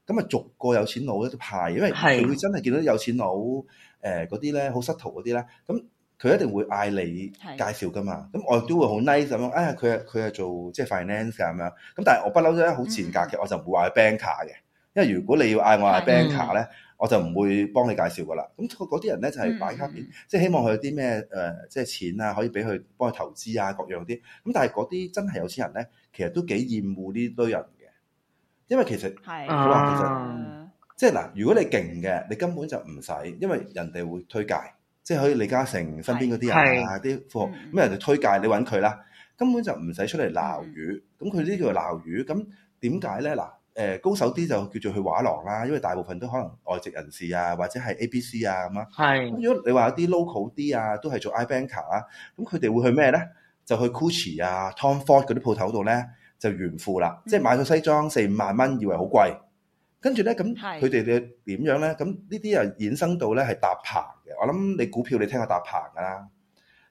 咁啊，逐個有錢佬都派，因為佢會真係見到有錢佬，誒嗰啲咧好失途嗰啲咧，咁佢一定會嗌你介紹噶嘛。咁我亦都會好 nice 咁樣，哎，佢佢係做即係 finance 咁樣。咁但係我不嬲都好賤格嘅，我就唔會嗌去 bank 卡嘅。因為如果你要嗌我嗌 bank 卡咧，我就唔會幫你介紹噶啦。咁嗰啲人咧就係擺卡片，即係希望佢有啲咩誒，即係錢啊，可以俾佢幫佢投資啊，各樣啲。咁但係嗰啲真係有錢人咧，其實都幾厭惡呢堆人。因為其實，好啦，其實即係嗱，如果你勁嘅，你根本就唔使，因為人哋會推介，即、就、係、是、可以李嘉誠身邊嗰啲人啊，啲富豪，咁、嗯、人哋推介你揾佢啦，根本就唔使出嚟撈魚。咁佢呢啲叫做撈魚，咁點解咧？嗱、呃，誒高手啲就叫做去畫廊啦，因為大部分都可能外籍人士啊，或者係 A、B、C 啊咁啊。係咁，如果你話有啲 local 啲啊，都係做 ibanker 啦、啊，咁佢哋會去咩咧？就去 Gucci 啊、Tom Ford 嗰啲鋪頭度咧。就炫富啦，即係買咗西裝四五萬蚊，以為好貴，跟住咧咁，佢哋嘅點樣咧？咁呢啲人衍生到咧係搭棚嘅。我諗你股票你聽下搭棚噶啦，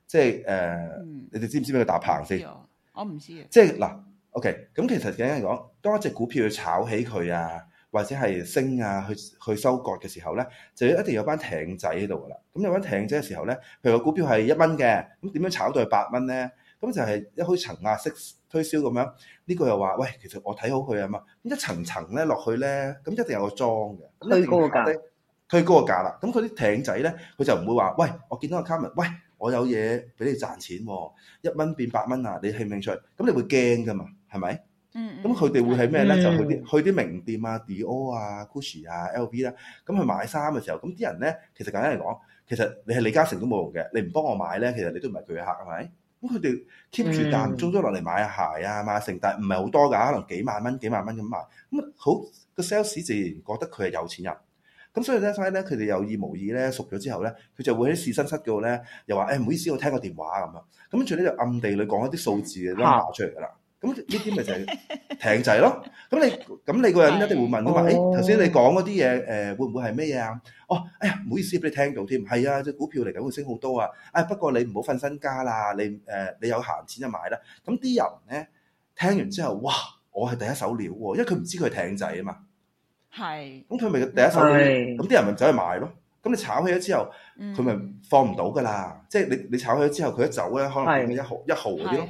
即係誒，你哋知唔知咩叫搭棚先？我唔知啊。即係嗱，OK，咁其實簡單嚟講，當一隻股票去炒起佢啊，或者係升啊，去去收割嘅時候咧，就一定有一班艇仔喺度噶啦。咁有班艇仔嘅時候咧，譬如個股票係一蚊嘅，咁點樣炒到係八蚊咧？咁就係、是、一開始層壓式推銷咁樣，呢個又話：喂，其實我睇好佢啊嘛。咁一層層咧落去咧，咁一定有個裝嘅推高個價，推高個價啦。咁佢啲艇仔咧，佢就唔會話：喂，我見到個 customer，喂，我有嘢俾你賺錢喎、啊，一蚊變八蚊啊！你興唔興趣？咁你會驚噶嘛？係咪？嗯。咁佢哋會係咩咧？就去啲去啲名店啊，Dior 啊，Cush 啊，LV 啦。咁佢、啊、買衫嘅時候，咁啲人咧其實簡單嚟講，其實你係李嘉誠都冇用嘅。你唔幫我買咧，其實你都唔係佢嘅客，係咪？咁佢哋 keep 住賺，中咗落嚟買吓鞋啊、買成大，唔係好多㗎，可能幾萬蚊、幾萬蚊咁買。咁好個 sales 自然覺得佢係有錢人，咁所以咧，所以咧，佢哋有意無意咧熟咗之後咧，佢就會喺試身室度咧，又話誒，唔好意思，我聽個電話咁樣。咁跟住呢，就暗地裏講一啲數字都話出嚟㗎啦。咁呢啲咪就係艇仔咯。咁 [laughs] 你咁你個人一定會問、欸 oh。你話嘛？誒頭先你講嗰啲嘢誒，會唔會係咩嘢啊？哦，哎呀唔好意思俾你聽到添。係啊，隻股票嚟緊會升好多啊。啊、哎、不過你唔好瞓身家啦，你誒、呃、你有閒錢就買啦。咁啲人咧聽完之後，哇！我係第一手料喎、啊，因為佢唔知佢係艇仔啊嘛。係。咁佢咪第一手料？咁啲人咪走去買咯。咁你炒起咗之後，佢、嗯、咪放唔到㗎啦。即、就、係、是、你你炒起咗之後，佢一走咧，可能一毫一毫嗰啲咯。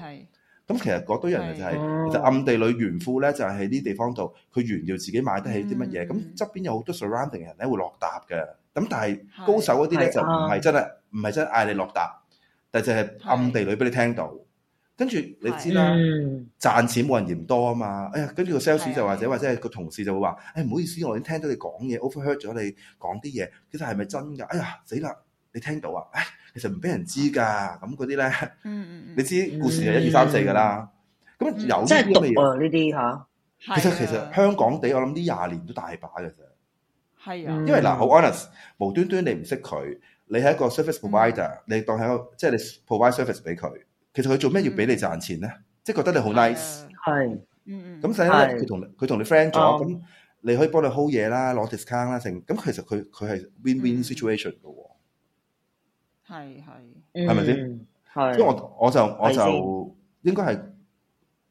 咁其實嗰堆人就係其實暗地裏炫富咧，就係喺呢地方度，佢炫耀自己買得起啲乜嘢。咁側邊有好多 surrounding 嘅人咧會落搭嘅。咁但係高手嗰啲咧就唔係真啊，唔係真嗌你落搭，但就係暗地裏俾你聽到。跟住你知啦，賺錢冇人嫌多啊嘛。哎呀，跟住個 sales 就或者或者，或者個同事就會話，哎唔好意思，我已經聽到你講嘢，overheard 咗你講啲嘢。其實係咪真㗎？哎呀死啦，你聽到啊？哎？其實唔俾人知㗎，咁嗰啲咧，你知故事係一二三四㗎啦。咁、嗯、有咩嘢？即係毒啊，呢啲其實、啊、其實香港地，我諗呢廿年都大把嘅啫。係啊，因為嗱，好、嗯、honest，無端端你唔識佢，你係一個 service provider，、嗯、你當係一個即係你 provide service 俾佢、嗯。其實佢做咩要俾你賺錢咧、嗯？即係覺得你好 nice、啊。係、啊，嗯就咁首先佢同佢同你 friend 咗，咁你可以幫你 hold 嘢啦，攞 discount 啦，成。咁其實佢佢係 win win situation 嘅喎、嗯。啊係係，係咪先？因為我我就我就，我就應該係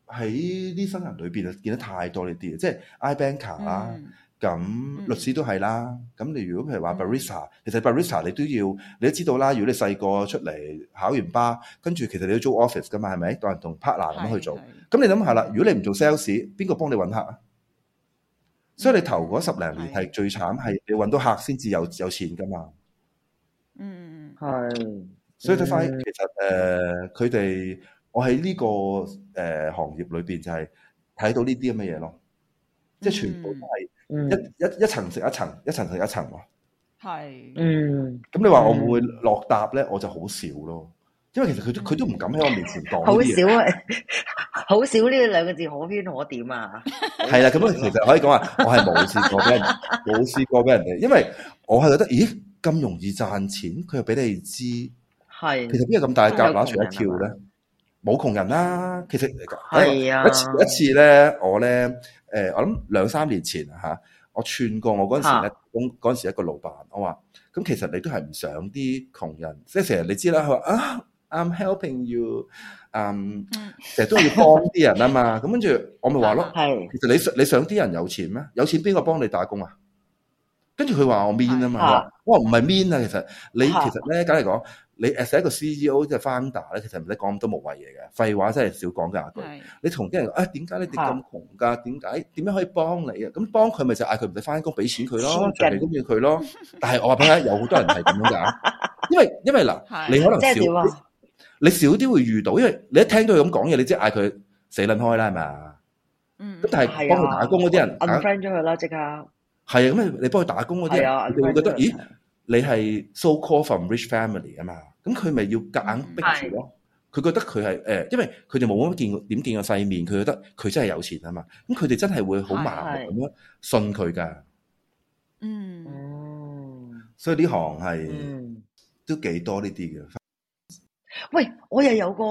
喺啲新人裏邊啊，見得太多呢啲即係 IBanker 啦，咁、嗯、律師都係啦，咁、嗯、你如果譬如話 barrister 其實 barrister 你都要你都知道啦，如果你細個出嚟考完巴，跟住其實你要租 office 㗎嘛，係咪？同人同 partner 咁樣去做，咁你諗下啦，如果你唔做 sales，邊個幫你揾客啊？所以你頭嗰十零年係最慘，係你揾到客先至有有錢㗎嘛。係、嗯，所以睇返，其實誒，佢、呃、哋我喺呢個誒行業裏邊就係睇到呢啲咁嘅嘢咯，即係全部都係一一一層食一層，一層食一層喎。係，嗯。咁、嗯就是嗯嗯、你話我會會落搭咧？我就好少咯，因為其實佢都佢都唔敢喺我面前講呢啲嘢好、嗯、少啊，好少呢兩個字可圈可點啊。係啦、啊，咁樣其實可以講啊，我係冇試過俾人冇試 [laughs] 過俾人哋，因為我係覺得，咦？咁容易賺錢，佢又俾你知，其實邊有咁大嘅蛤乸隨街跳咧？冇窮人啦，其實一、啊、一次咧次，我咧，我諗兩三年前我串過我嗰陣時咧打工嗰陣時一個老闆，我話：，咁其實你都係唔想啲窮人，即係成日你知啦，佢話啊，I'm helping you，嗯，成日都要幫啲人啊嘛，咁跟住我咪話咯，其實你你想啲人有錢咩？有錢邊個幫你打工啊？跟住佢話我 mean 嘛啊嘛，我話唔係 mean 其實你啊，其實呢你 CEO, finder, 其實咧，梗係講你作為一個 C E O 即係 founder 咧，其實唔使講咁多無謂嘢嘅，廢話真係少講嘅、啊。你同啲人、哎、啊，點解你哋咁窮㗎？點解？點樣可以幫你啊？咁幫佢咪就嗌佢唔使翻工，俾錢佢咯，就嚟咁住佢咯。 [laughs] 但係我話俾你聽，有好多人係咁樣㗎？ [laughs] 因為因為嗱， [laughs] 你可能少，啊、你少啲會遇到，因為你一聽到佢咁講嘢，你即係嗌佢死撚開啦，係嘛？咁、嗯、但係幫佢打工嗰啲人 unfriend 咗佢啦，即、啊、刻了了。係啊，咁你你幫佢打工嗰啲，你會覺得，是是咦，你係 so call from rich family 啊嘛，咁佢咪要夾硬逼住咯？佢覺得佢係誒，因為佢哋冇乜見點見過世面，佢覺得佢真係有錢啊嘛，咁佢哋真係會好盲目咁樣信佢噶。嗯，所以呢行係都幾多呢啲嘅。喂，我又有個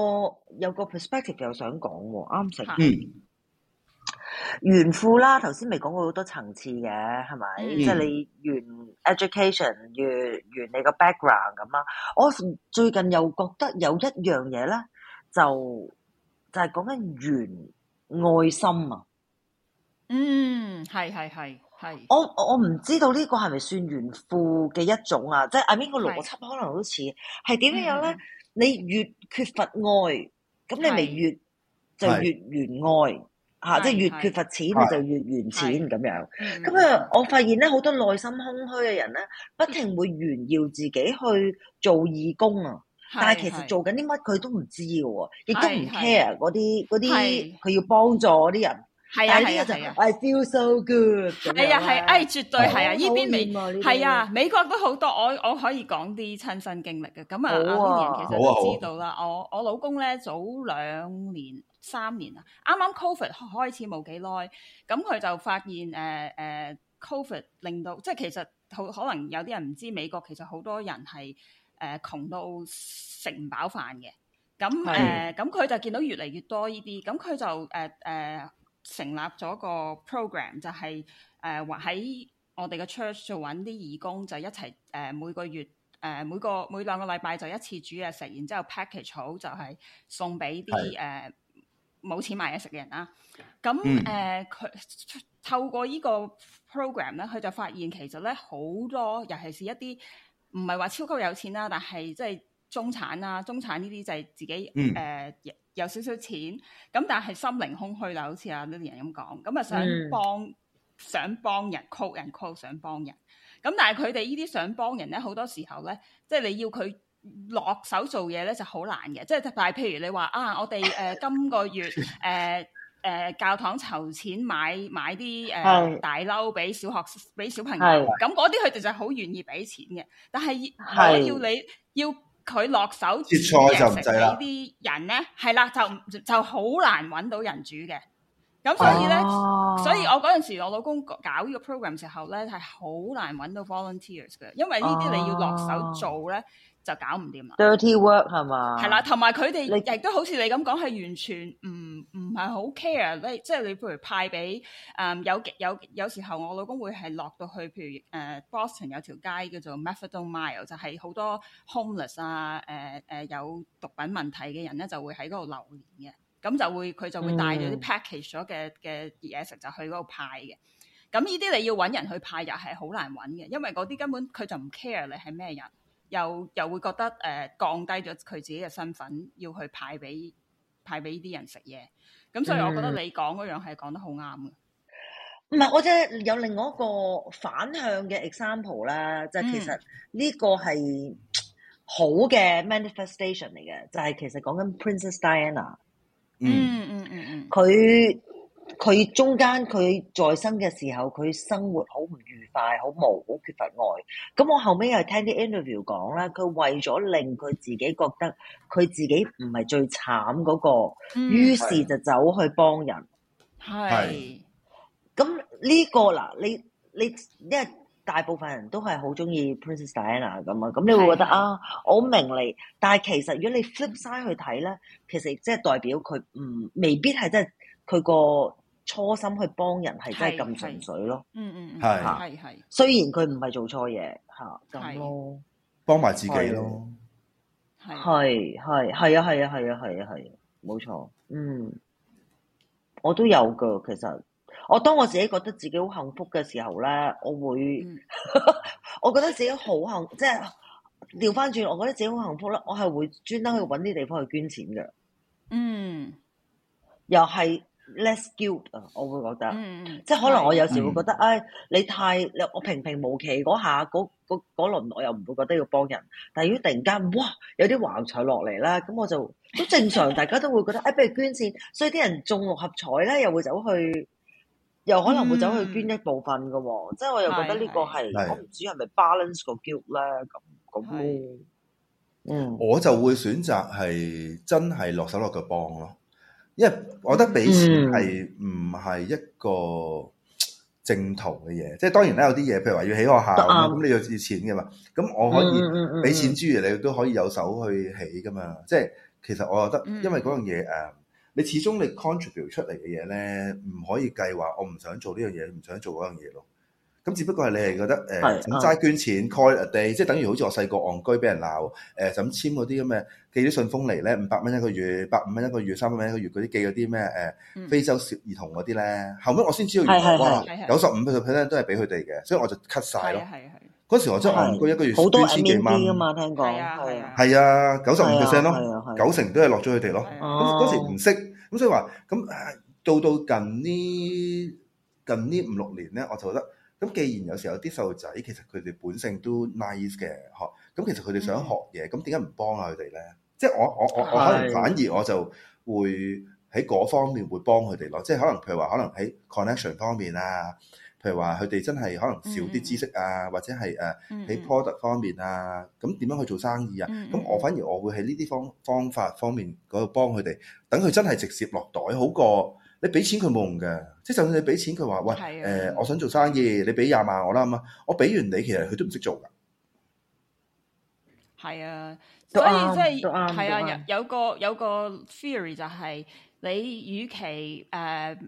有個 perspective 又想講喎，啱食。是炫富啦，頭先未講過好多層次嘅，係咪？即係你炫 education，炫炫你個 background 咁啦。我最近又覺得有一樣嘢咧，就就係講緊炫愛心啊！嗯，係係係係。我我唔知道呢個係咪算炫富嘅一種啊？即係係邊個邏輯可能好似係點樣咧？你越缺乏愛，咁你咪越就越炫愛。嚇、啊！即係越缺乏錢，你就越炫錢咁樣。咁啊、嗯，我發現咧，好多內心空虛嘅人咧，不停會炫耀自己去做義工啊。但係其實做緊啲乜佢都唔知嘅喎，亦都唔 care 嗰啲嗰啲佢要幫助嗰啲人。係、就是、啊係啊係啊，啊！I feel so good。係啊係、啊，哎絕對係啊！依邊美係啊，啊，美國都好多，我我可以講啲親身經歷嘅。咁啊，啱啱、啊、其實都、啊、知道啦、啊。我我老公咧早兩年三年啊，啱啱 covid 開始冇幾耐，咁佢就發現誒誒、呃呃、covid 令到即係其實好可能有啲人唔知美國其實好多人係誒窮到食唔飽飯嘅。咁誒咁佢就見到越嚟越多呢啲，咁佢就誒誒。呃呃成立咗個 program 就係誒喺我哋嘅 church 度揾啲義工就一齊、呃、每個月、呃、每個每兩個禮拜就一次煮嘢食，然之後 package 好就係、是、送俾啲誒冇錢買嘢食嘅人啦。咁佢、嗯呃、透過呢個 program 咧，佢就發現其實咧好多，尤其是一啲唔係話超級有錢啦，但係即係中產啦，中產呢啲就係自己、嗯呃有少少錢，咁但係心靈空虛啦，好似阿 Lilian 咁講，咁啊想幫想幫人 call 人 call，想幫人，咁但係佢哋呢啲想幫人咧，好多時候咧，即係你要佢落手做嘢咧就好難嘅，即係就係譬如你話啊，我哋誒、呃、今個月誒誒、 [laughs] 呃呃、教堂籌錢買買啲誒、呃、大褸俾小學俾小朋友，咁嗰啲佢哋就好願意俾錢嘅，但係要要你要，佢落手切菜就唔制啦，呢啲人咧係啦就就好難揾到人煮嘅，咁所以咧、啊，所以我嗰陣時我老公搞呢個 program 的時候咧，係好難揾到 volunteers 嘅，因為呢啲你要落手做咧。啊就搞唔掂啦。Dirty work 係嘛，係啦，同埋佢哋亦都好似你咁講，係完全唔唔係好 care 你，即係、就是、你譬如派俾誒有有有。有有時候我老公會係落到去，譬如誒 Boston、呃、有條街叫做 Methadone Mile，就係好多 homeless 啊，誒、呃、誒、呃、有毒品問題嘅人咧，就會喺嗰度流連嘅。咁就會佢就會帶咗啲 package 咗嘅嘅嘢食就去嗰度派嘅。咁呢啲你要搵人去派又係好難搵嘅，因為嗰啲根本佢就唔 care 你係咩人。又又會覺得誒、呃、降低咗佢自己嘅身份，要去派俾派俾啲人食嘢，咁所以我覺得你講嗰樣係講得好啱嘅。唔係，我即係有另外一個反向嘅 example 啦，即係其實呢個係好嘅 manifestation 嚟嘅，就係其實講緊 Princess Diana。嗯嗯嗯嗯，佢、嗯。嗯嗯佢中間佢在生嘅時候，佢生活好唔愉快，好無，好缺乏愛。咁我後尾又聽啲 interview 講啦，佢為咗令佢自己覺得佢自己唔係最慘嗰、嗰個、嗯，於是就走去幫人。係。咁呢個嗱，你你因為大部分人都係好中意 Princess Diana 咁啊，咁你會覺得啊，我明你。但係其實如果你 flip side 去睇咧，其實即係代表佢唔、嗯、未必係真，佢個初心去幫人係真係咁純粹咯，哦，係係係，雖然佢唔係做錯嘢吓咁咯，幫埋自己咯，係係係啊係啊係啊係啊係，冇錯，嗯，我都有噶。其實我當我自己覺得自己好幸福嘅時候咧，我會，我覺得自己好幸，即係調翻轉，我覺得自己好幸福啦，我係會專登去搵啲地方去捐錢嘅，嗯，又係。Less guilt 啊，我會覺得、嗯，即可能我有時會覺得，誒、哎、你太你我平平無奇嗰下嗰輪，我又唔會覺得要幫人。但係如果突然間，哇有啲橫財落嚟啦，咁我就都正常，大家都會覺得，誒 [laughs] 不、哎、如捐錢，所以啲人中六合彩咧，又會走去，又可能會走去捐一部分嘅喎、嗯。即係我又覺得呢個係，我唔知係咪 balance 個 guilt 咧咁咁咯。嗯，我就會選擇係真係落手落腳幫咯。因為我覺得俾錢係唔係一個正途嘅嘢，即、嗯、係、就是、當然呢，有啲嘢，譬如話要起學校咁，嗯、你要要錢嘅嘛。咁我可以俾、嗯嗯嗯、錢之餘，你都可以有手去起噶嘛。即、就、係、是、其實我覺得，因為嗰樣嘢誒，你始終你 contribute 出嚟嘅嘢咧，唔可以計劃我唔想做呢樣嘢，唔想做嗰樣嘢咯。咁，只不過係你係覺得誒，咁齋、啊、捐錢蓋地，day, 即係等於好似我細個昂居俾人鬧誒，咁、啊呃、簽嗰啲咁嘅寄啲信封嚟咧，五百蚊一個月，百五蚊一個月，三百蚊一個月嗰啲寄嗰啲咩誒非洲小兒童嗰啲咧。後尾我先知道原來九十五 percent 都係俾佢哋嘅，所以我就 cut 晒咯。嗰時我真係昂居一個月捐千幾蚊。好多 a m e n 嘛，聽講係啊係啊，九十五 percent 咯、啊啊啊，九成都係落咗佢哋咯。咁嗰、啊、時唔識咁，所以話咁做到近呢近呢五六年咧，我就覺得。咁既然有時候啲細路仔其實佢哋本性都 nice 嘅，呵，咁其實佢哋想學嘢，咁點解唔幫下佢哋咧？即係我我我我可能反而我就會喺嗰方面會幫佢哋咯。即係可能譬如話，可能喺 connection 方面啊，譬如話佢哋真係可能少啲知識啊，mm -hmm. 或者係誒喺 product 方面啊，咁點樣去做生意啊？咁、mm -hmm. 我反而我會喺呢啲方方法方面嗰度幫佢哋，等佢真係直接落袋好過。你俾錢佢冇用嘅，即係就算你俾錢佢話，喂，誒、啊呃，我想做生意，你俾廿萬我啦，咁啊，我俾完你，其實佢都唔識做㗎。係啊，所以即係係啊，有，有個有個 theory 就係、是，你與其誒、呃、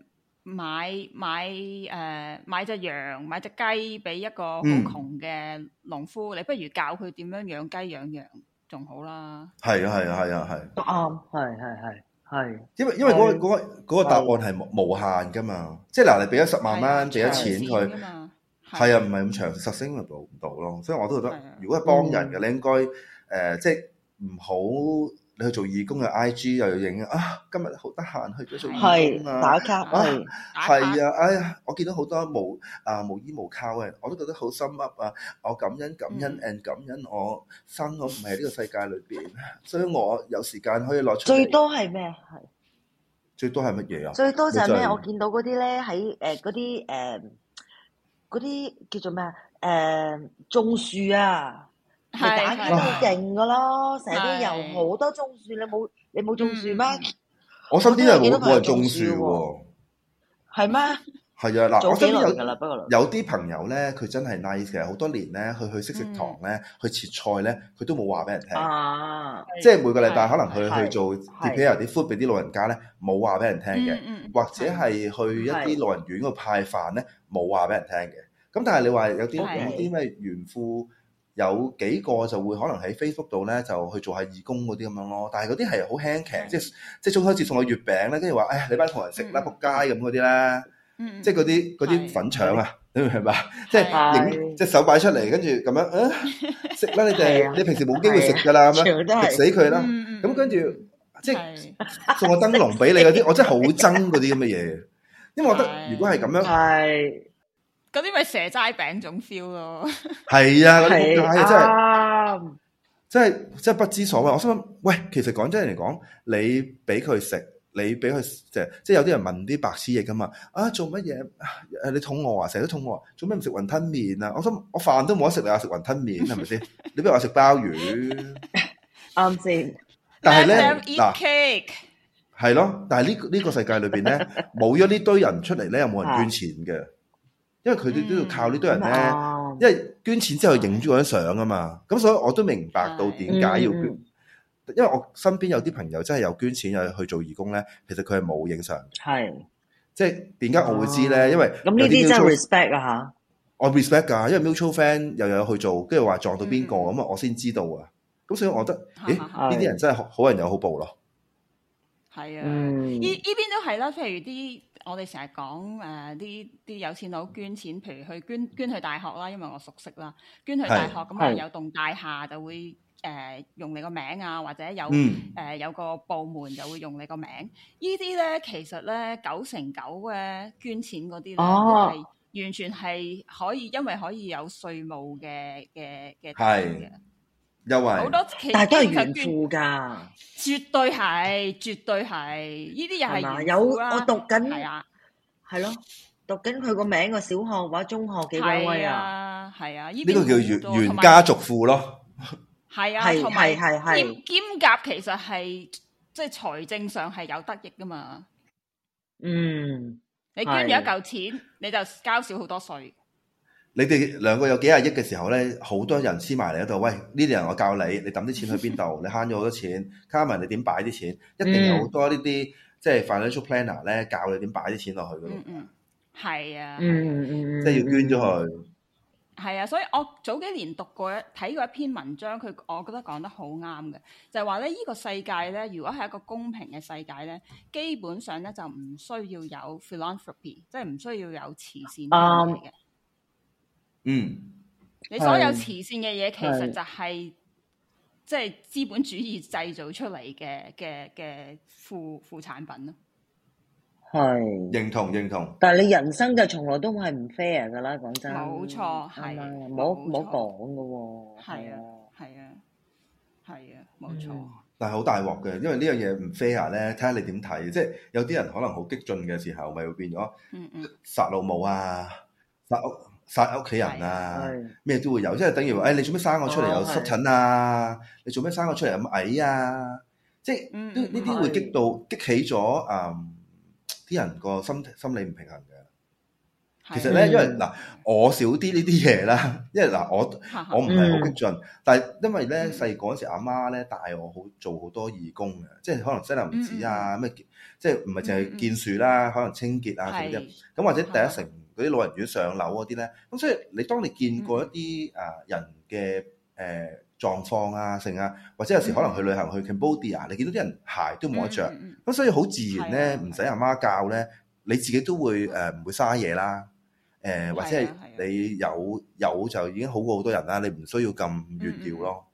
買買誒、呃、買隻羊買隻雞俾一個好窮嘅農夫、嗯，你不如教佢點樣養雞養羊，仲好啦。係啊，係啊，係啊，係、啊。都啱、啊，係係係。係，因為因為嗰個嗰、嗰個、答案係無無限噶嘛，即係嗱，你俾咗十萬蚊，俾咗錢佢，係啊，唔係咁長實升唔到到咯，所以我都覺得，是如果係幫人嘅、嗯、你應該誒、呃，即係唔好。去做義工又 I G 又要影啊！今日好得閒去咗做義工啊！係打卡，係係啊！哎呀，我見到好多無啊無依無靠嘅，我都覺得好心 up 啊！我感恩感恩 and 感恩我生我唔係呢個世界裏邊，所以我有時間可以落出最多係咩？最多係乜嘢啊？最多就係咩？我見到嗰啲咧喺誒嗰啲誒嗰啲叫做咩啊？誒種樹啊！係打卡都勁噶咯，成日都有好多種樹，你冇你冇種樹咩？我身邊係冇冇人種樹喎，係咩？係啊，嗱，我身邊有啲朋友咧，佢真係 nice 嘅，好多年咧，去去食食堂咧，嗯，去切菜咧，佢都冇話俾人聽。啊！即係每個禮拜可能去去做貼片油啲，敷俾啲老人家咧，冇話俾人聽嘅。或者係去一啲老人院嗰派飯咧，冇話俾人聽嘅。咁但係你話有啲有啲咩炫富？有幾個就會可能喺 Facebook 度咧，就去做下義工嗰啲咁樣咯。但係嗰啲係好輕騎，即係即係中秋節送個月餅咧，跟住話，哎呀，你班同人食啦，仆街咁嗰啲啦，即係嗰啲嗰啲粉腸啊，你明唔明白？即係影，即係手擺出嚟，跟住咁樣，嗯，食啦你哋，你平時冇機會食噶啦，咁樣食死佢啦。咁跟住即係送個燈籠俾你嗰啲，我真係好憎嗰啲咁嘅嘢，因為我覺得如果係咁樣。嗰啲咪蛇齋餅種 feel 咯，係啊，嗰啲齋真係真係真係不知所謂。我心想喂，其實講真嚟講，你俾佢食，你俾佢即係，即係有啲人問啲白痴嘢噶嘛？啊，做乜嘢？誒、啊，你肚餓啊？成日都肚餓，啊，做咩唔食雲吞麵啊？我想我飯都冇得食你啊，食雲吞麵係咪先？你不如話食鮑魚？啱 [laughs] 先，但係咧 eat cake，係咯，但係呢呢個世界裏邊咧，冇咗呢堆人出嚟咧，又冇人捐錢嘅。 [laughs] 因為佢哋都要靠呢堆人咧，因為捐錢之後影咗嗰張相啊嘛，咁、嗯、所以我都明白到點解要捐、嗯，因為我身邊有啲朋友真係有捐錢又去做義工咧，其實佢係冇影相，係、嗯，即係點解我會知咧？因為咁呢啲真係 respect 啊吓，嗯嗯、respect 我 respect 噶，因為 mutual friend 又有去做，跟住話撞到邊個，咁、嗯、啊我先知道啊，咁所以我覺得，咦，呢啲、啊啊、人真係好人有好報咯，係啊，呢呢邊都係啦，譬如啲。我哋成日講誒啲啲有錢佬捐錢，譬如去捐捐去大學啦，因為我熟悉啦，捐去大學咁啊，有棟大廈就會誒、呃、用你個名啊，或者有誒、嗯呃、有個部門就會用你個名。呢啲咧其實咧九成九嘅捐錢嗰啲咧係完全係可以，因為可以有稅務嘅嘅嘅待遇。的的又係，但係都係炫富噶，絕對係，絕對係，呢啲又係炫富啦。係啊，係咯，讀緊佢個名個小學或者中學幾多位啊？係啊，呢個叫炫炫家族富咯。係啊，係係係兼兼夾其實係即係財政上係有得益噶嘛。嗯，你捐咗一嚿錢，你就交少好多稅。你哋兩個有幾廿億嘅時候咧，好多人黐埋嚟喺度。喂，呢啲人我教你，你抌啲錢去邊度？ [laughs] 你慳咗好多錢，Carmen 你點擺啲錢？一定有好多呢啲即係 financial planner 咧，教你點擺啲錢落去嘅。嗯嗯，係啊。嗯嗯即係要捐咗佢。係啊，所以我早幾年讀過睇過一篇文章，佢我覺得講得好啱嘅，就係話咧呢個世界咧，如果係一個公平嘅世界咧，基本上咧就唔需要有 philanthropy，即係唔需要有慈善嘅。Um, 嗯，你所有慈善嘅嘢，其實就係即係資本主義製造出嚟嘅嘅嘅副副產品咯。係認同認同，但係你人生就從來都係唔 fair 噶啦。講真，冇錯係冇冇講噶。係啊係啊係啊，冇錯，嗯。但係好大鑊嘅，因為呢樣嘢唔 fair 咧。睇下你點睇，即係有啲人可能好激進嘅時候，咪會變咗、嗯嗯、殺老母啊殺。殺屋企人啊，咩都會有，即係等於話，誒、哎，你做咩生我出嚟有濕疹啊？哦、你做咩生我出嚟有咁矮啊？即係呢啲會激到激起咗誒，啲、嗯、人個心心理唔平衡嘅。其實咧，因為嗱，我少啲呢啲嘢啦，因為嗱，我我唔係好激進，但係因為咧細個嗰時阿媽咧帶我好做好多義工嘅，即係可能森林子啊，咩、嗯嗯、即係唔係淨係建樹啦，可能清潔啊，咁或者第一城。嗰啲老人院上樓嗰啲咧，咁所以你當你見過一啲啊人嘅誒狀況啊，剩啊，或者有時可能去旅行去 Cambodia，你見到啲人鞋都冇得著，咁所以好自然咧，唔使阿媽教咧，你自己都會誒唔會嘥嘢啦，誒或者係你有有就已經好過好多人啦，你唔需要咁炫耀咯。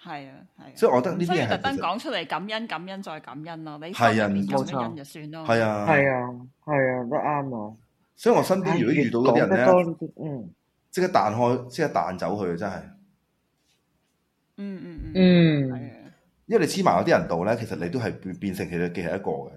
係啊，係。所以我覺得呢啲嘢特登講出嚟感恩感恩再感恩咯。你係啊，唔該曬，就算咯。係啊，係啊，係啊，都啱啊。所以我身邊如果遇到嗰啲人咧，即刻彈開，即刻彈走佢，真係。嗯嗯嗯。嗯。因為你黐埋嗰啲人度咧，其實你都係變變成其實佢係一個嘅。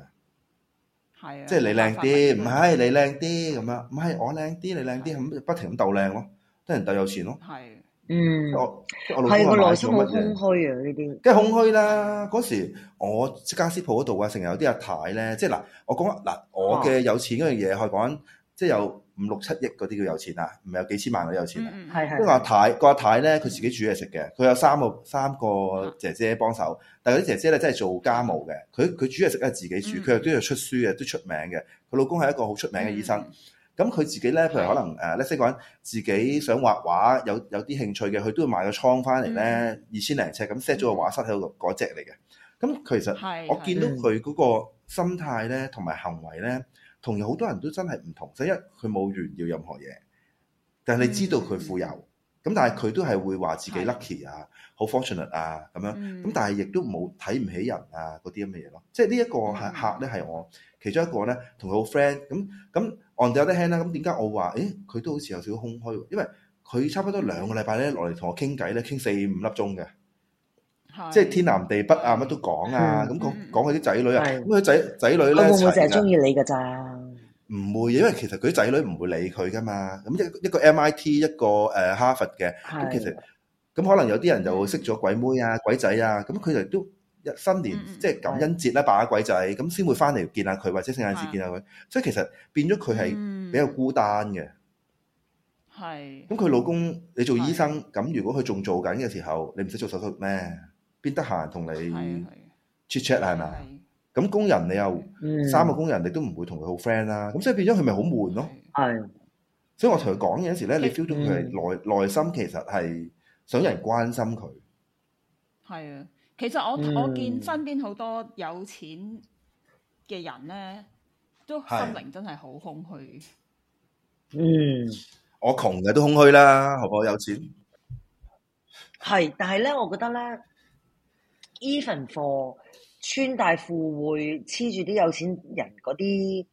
係啊。即係你靚啲，唔係你靚啲咁樣，唔係我靚啲，你靚啲咁，不停咁鬥靚咯，得人鬥有錢咯。係。嗯。我我老闆話內心好空虛啊！呢啲。梗係空虛啦！嗰時我家私鋪嗰度啊，成日有啲阿太咧，即係嗱，我講嗱，我嘅有錢嗰樣嘢可以講。即係有五六七億嗰啲叫有錢啦，唔係有幾千萬嗰啲有錢啊。即係阿太、個阿太咧，佢自己煮嘢食嘅，佢有三個三個姐姐幫手，但係啲姐姐咧真係做家務嘅。佢佢煮嘢食係自己煮，佢又都要出書嘅，都出名嘅。佢老公係一個好出名嘅醫生。咁、嗯、佢自己咧，譬如可能誒，識講自己想畫畫，有有啲興趣嘅，佢都要買個倉翻嚟咧，二千零尺咁 set 咗個畫室喺度嗰隻嚟嘅。咁、嗯那個那個、其實我見到佢嗰個心態咧，同埋行為咧。同有好多人都真係唔同，即係一佢冇炫耀任何嘢，但係你知道佢富有咁、mm -hmm. 啊 mm -hmm. 啊，但係佢都係會話自己 lucky 啊，好 fortunate 啊咁樣咁，但係亦都冇睇唔起人啊嗰啲咁嘅嘢咯。即係呢一個客咧係我、mm -hmm. 其中一個咧同佢好 friend 咁咁 o 得 d 輕啦。咁點解我話誒佢都好似有少少空虛？因為佢差不多兩個禮拜咧落嚟同我傾偈咧傾四五粒鐘嘅。即、就、係、是、天南地北啊，乜都講啊，咁講講佢啲仔女啊，咁佢仔仔女咧，會唔會就係中意你噶咋？唔、啊、會，因為其實佢啲仔女唔會理佢噶嘛。咁一一個 MIT，一個誒哈佛嘅，咁其實咁可能有啲人就識咗鬼妹啊、鬼仔啊，咁佢哋都一新年即係、就是、感恩節咧、啊，扮下鬼仔，咁先會翻嚟見下佢，或者聖誕節見下佢。所以其實變咗佢係比較孤單嘅。係。咁佢老公，你做醫生，咁如果佢仲做緊嘅時候，你唔使做手術咩？變得閒同你 chat chat 係咪？咁工人你又三個工人，你都唔會同佢好 friend 啦。咁所以變咗佢咪好悶咯。係，所以我同佢講嘢嗰時咧，你 feel 到佢內內心其實係想有人關心佢。係啊，其實我我見身邊好多有錢嘅人咧，都心靈真係好空虛。嗯，我窮嘅都空虛啦，何解我有錢？係，但係咧，我覺得咧。依份貨，穿大富會黐住啲有錢人嗰啲，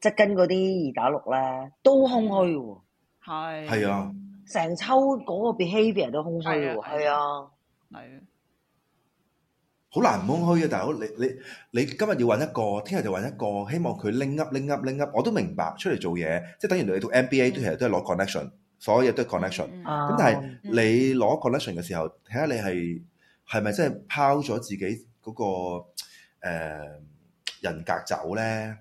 即係跟嗰啲二打六啦，都空虛喎。係係啊，成抽嗰個 behavior 都空虛喎。係啊，係啊，好、啊啊啊啊啊、難唔空虛啊！大佬，你你你今日要揾一個，聽日就揾一個，希望佢拎 up 拎 up 拎 up。我都明白出嚟做嘢，即、就、係、是、等於你讀 MBA 都其實、嗯、都係攞 connection，所有嘢都係 connection、嗯。咁但係你攞 connection 嘅時候，睇下你係。係咪真係拋咗自己嗰、嗰個、呃、人格走呢？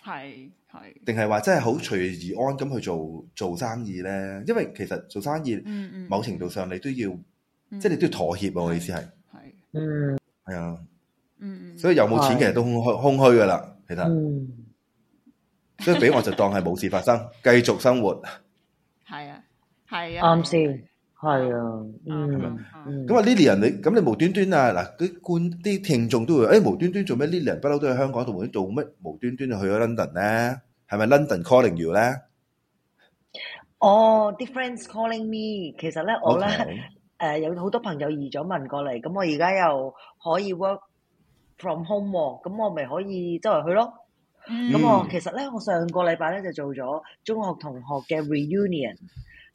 係係。定係話真係好隨遇而安咁去做做生意呢？因為其實做生意，嗯嗯、某程度上你都要，嗯、即係你都要妥協喎。嗯、我意思係係、啊、嗯係啊，所以有冇錢其實都空虛空虛㗎喇，其實。嗯、所以俾我就當係冇事發生， [laughs] 繼續生活。係啊係啊，係啊嗯嗯係啊係啊，咁樣，咁話 Lilian 你，咁你無端端啊嗱，啲觀啲聽眾都會，誒無端端做咩 Lilian 不嬲都喺香港，同埋做咩無端端就去咗 London 咧？係咪 London calling you 咧？哦，啲 friends calling me。其實咧我咧，誒有好多朋友移咗民過嚟，咁我而家又可以 work from home 喎，咁我咪可以周圍去咯。咁我其實咧，我上個禮拜咧就做咗中學同學嘅 reunion。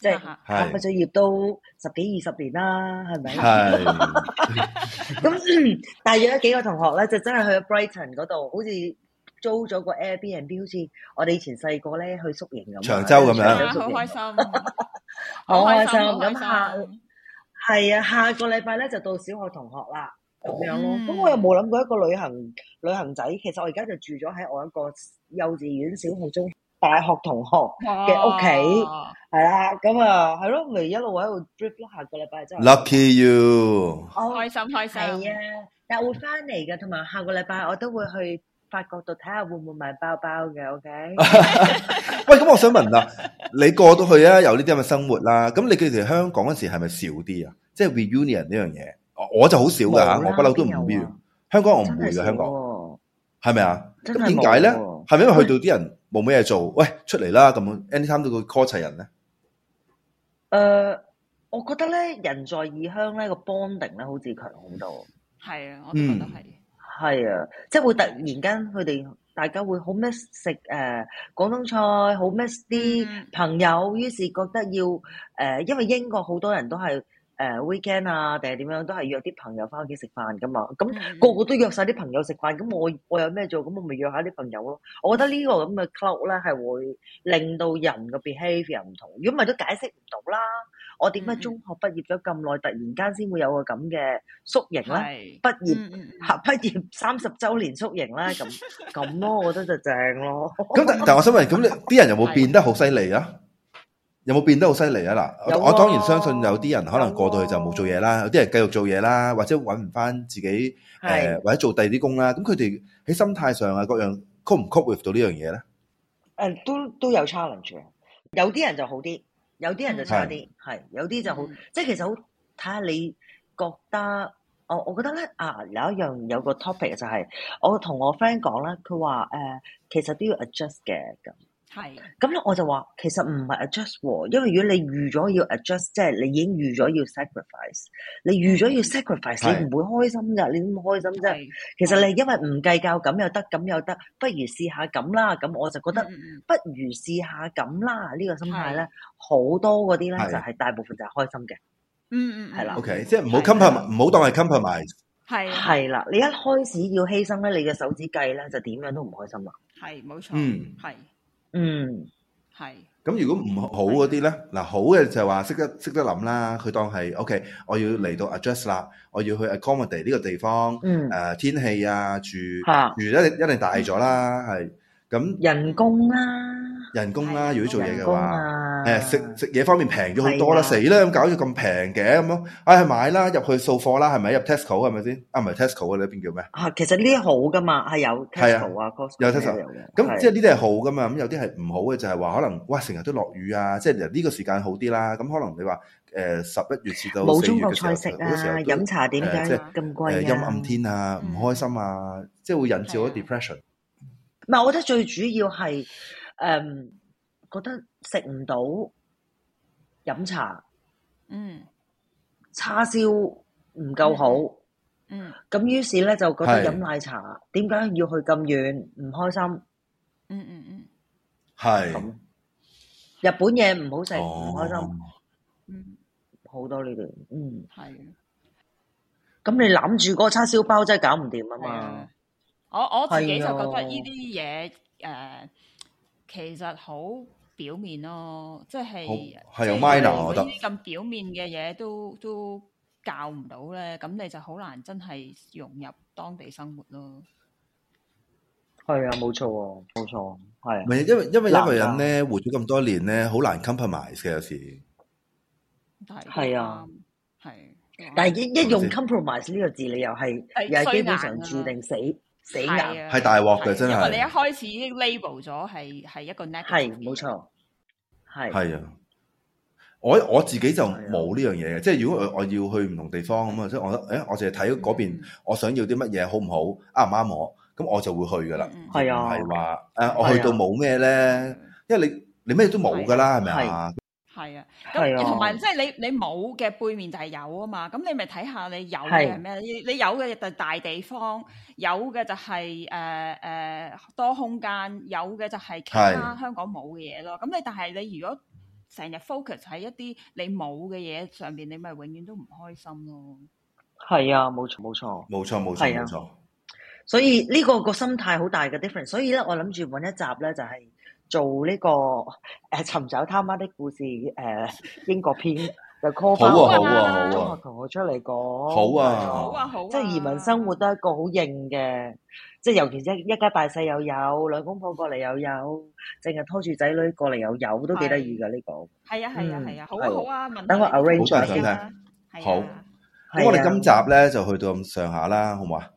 即係畢咗業都十幾二十年啦，係咪？咁大約咧幾個同學咧，就真係去咗 Brighton 嗰度，好似租咗個 Airbnb，好似我哋以前細個咧去宿營咁。長洲咁樣，好開心，好開心咁下。係啊，下個禮拜咧就到小學同學啦，咁樣咯。咁我又冇諗過一個旅行旅行仔。其實我而家就住咗喺我一個幼稚園小學中。大學同學嘅屋企係啦，咁啊係咯，咪一路喺度 drift 咯。下個禮拜真係。Lucky you，、哦、開心開心啊，但會翻嚟嘅，同埋下個禮拜我都會去法國度睇下會唔會買包包嘅。OK， [laughs] [laughs] 喂，咁我想問啦，你過到去啊，有呢啲咁嘅生活啦，咁你記住香港嗰時係咪少啲啊？即係 reunion 呢樣嘢，我就好少噶吓，我不嬲都唔 meet。香港我唔會 e 嘅、啊、香港，係咪啊？咁點解咧？係咪因為去到啲人？嗯冇咩嘢做，喂，出嚟啦！咁樣，anytime 都會 call 齊人咧。誒，我覺得咧，人在異鄉咧，個 bonding 咧，好似強好多。係啊，我都覺得係。係啊，即係會突然間，佢哋大家會好 miss 食誒廣東菜，好 miss 啲朋友，於是覺得要誒，因為英國好多人都係。誒 weekend 啊，定係點樣都係約啲朋友翻屋企食飯噶嘛，咁個個都約曬啲朋友食飯，咁我我有咩做，咁我咪約下啲朋友咯。我覺得呢個咁嘅 club 咧係會令到人嘅 behaviour 唔同，如果唔係都解釋唔到啦。我點解中學畢業咗咁耐，突然間先會有個咁嘅縮型咧？畢業吓，畢業三十週年縮型咧，咁咁咯，我覺得就正咯。咁但係我想問，咁啲人有冇變得好犀利啊？有冇變得好犀利啊？嗱、哦，我我當然相信有啲人可能過到去就冇做嘢啦，有啲人繼續做嘢啦，或者搵唔返自己誒、呃，或者做第二啲工啦。咁佢哋喺心態上啊，各樣 cope 唔 cope 到呢樣嘢咧？誒，都都有 challenge，有啲人就好啲，有啲人就差啲，係有啲就好，嗯、即係其實好睇下你覺得，我我覺得咧啊，有一樣有個 topic 就係、是、我同我 friend 講啦，佢話誒，其實都要 adjust 嘅咁。係，咁咧我就話，其實唔係 adjust，因為如果你預咗要 adjust，即係你已經預咗要 sacrifice，你預咗要 sacrifice，Okay。你唔會開心噶，你點開心啫？其實你因為唔計較咁又得，咁又得，不如試下咁啦，咁我就覺得，嗯嗯，不如試下咁啦，呢、這個心態咧，好多嗰啲咧就係、是、大部分就係開心嘅，嗯嗯，嗯，係啦，OK，即係唔好 compromise，唔好當係 compromise，係，係啦，你一開始要犧牲咧，你嘅手指計咧就點樣都唔開心啦，係，冇錯，係、嗯。嗯，係。咁如果唔好嗰啲咧，嗱好嘅就話識得識得諗啦，佢當係 OK，我要嚟到 address 啦，我要去 accommodate 呢個地方，誒、嗯呃、天氣啊住，住一定一定大咗啦，係咁人工啦，人工啦、啊啊，如果做嘢嘅話。誒，食食嘢方面平咗好多啦，死啦咁搞咗咁平嘅咁咯，哎、買去買啦，入去掃貨啦，係咪？入 Tesco 係咪先？啊，唔係 Tesco 啊，你邊叫咩？啊，其實呢啲好噶嘛，係有 Tesco 啊，有 Tesco 咁，即係呢啲係好噶嘛。咁有啲係唔好嘅，就係、是、話可能，哇，成日都落雨啊，即係呢個時間好啲啦。咁可能你話誒，十、呃、一月至到四月嘅時候，冇中國菜食啊，飲茶點解咁貴啊？陰、呃、暗天啊，唔開心啊，嗯、即係會引致好 depression。唔係，我覺得最主要係誒、嗯，覺得。食唔到飲茶，嗯，叉燒唔夠好，嗯，咁於是咧就覺得飲奶茶點解要去咁遠？唔開心，嗯嗯嗯，係咁日本嘢唔好食唔開心，嗯，好多呢啲，嗯，係咁你諗住嗰個叉燒包真係搞唔掂啊嘛。我我自己就覺得呢啲嘢誒，其實好。表面咯，即係，係有 minor，我覺得，即係呢啲咁表面嘅嘢都都教唔到咧，咁你就好難真係融入當地生活咯。係啊，冇錯，冇錯，係。係因為因為一個人咧活咗咁多年咧，好難 compromise 嘅有時。係啊，係。但係一用 compromise 呢個字，你又係又係基本上注定死。死硬，係大鑊嘅，真係。因為你一開始已經 label 咗，係係一個 net 係，冇錯，係係啊。我我自己就冇呢樣嘢嘅，即係如果我要去唔同地方咁啊，即係我覺得，誒、哎，我淨係睇嗰邊我想要啲乜嘢好唔好，啱唔啱我，咁我就會去噶啦。係啊，唔係話誒，我去到冇咩咧，因為你你咩都冇噶啦，係咪啊？是係啊，咁同埋即係你你冇嘅背面就係有啊嘛，咁你咪睇下你有嘅係咩？你有嘅就大地方，有嘅就係誒誒多空間，有嘅就係其他香港冇嘅嘢咯。咁你但係你如果成日 focus 喺一啲你冇嘅嘢上邊，你咪永遠都唔開心咯。係啊，冇錯冇錯冇錯冇錯冇錯，所以呢個個心態好大嘅 difference。所以咧，我諗住揾一集咧就係、是。做呢個誒尋找他媽的故事誒英國篇，就 call 翻啱啱同學出嚟講，好啊好啊好啊，即係移民生活都係一個好型嘅，即係尤其一一家大細又有兩公婆過嚟又有，淨係拖住仔女過嚟又有，都幾得意㗎呢個。係啊係啊係啊，好好啊，問等我 arrange，係啊，好，咁我哋今集咧就去到咁上下啦，好唔好啊？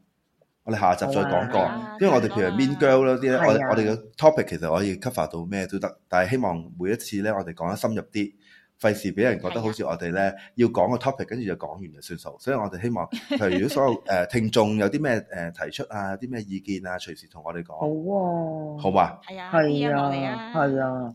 我哋下集再講過，啊，因為我哋譬如 mean girl 嗰啲咧，我我哋嘅 topic 其實可以 cover 到咩都得，啊，但係希望每一次咧，我哋講得深入啲，費事俾人覺得好似我哋咧要講個 topic，跟住就講完就算數。所以我哋希望，譬、啊、如說如果所有誒聽眾有啲咩提出啊，啲咩意見啊，隨時同我哋講。好啊，好嘛，係啊，係啊。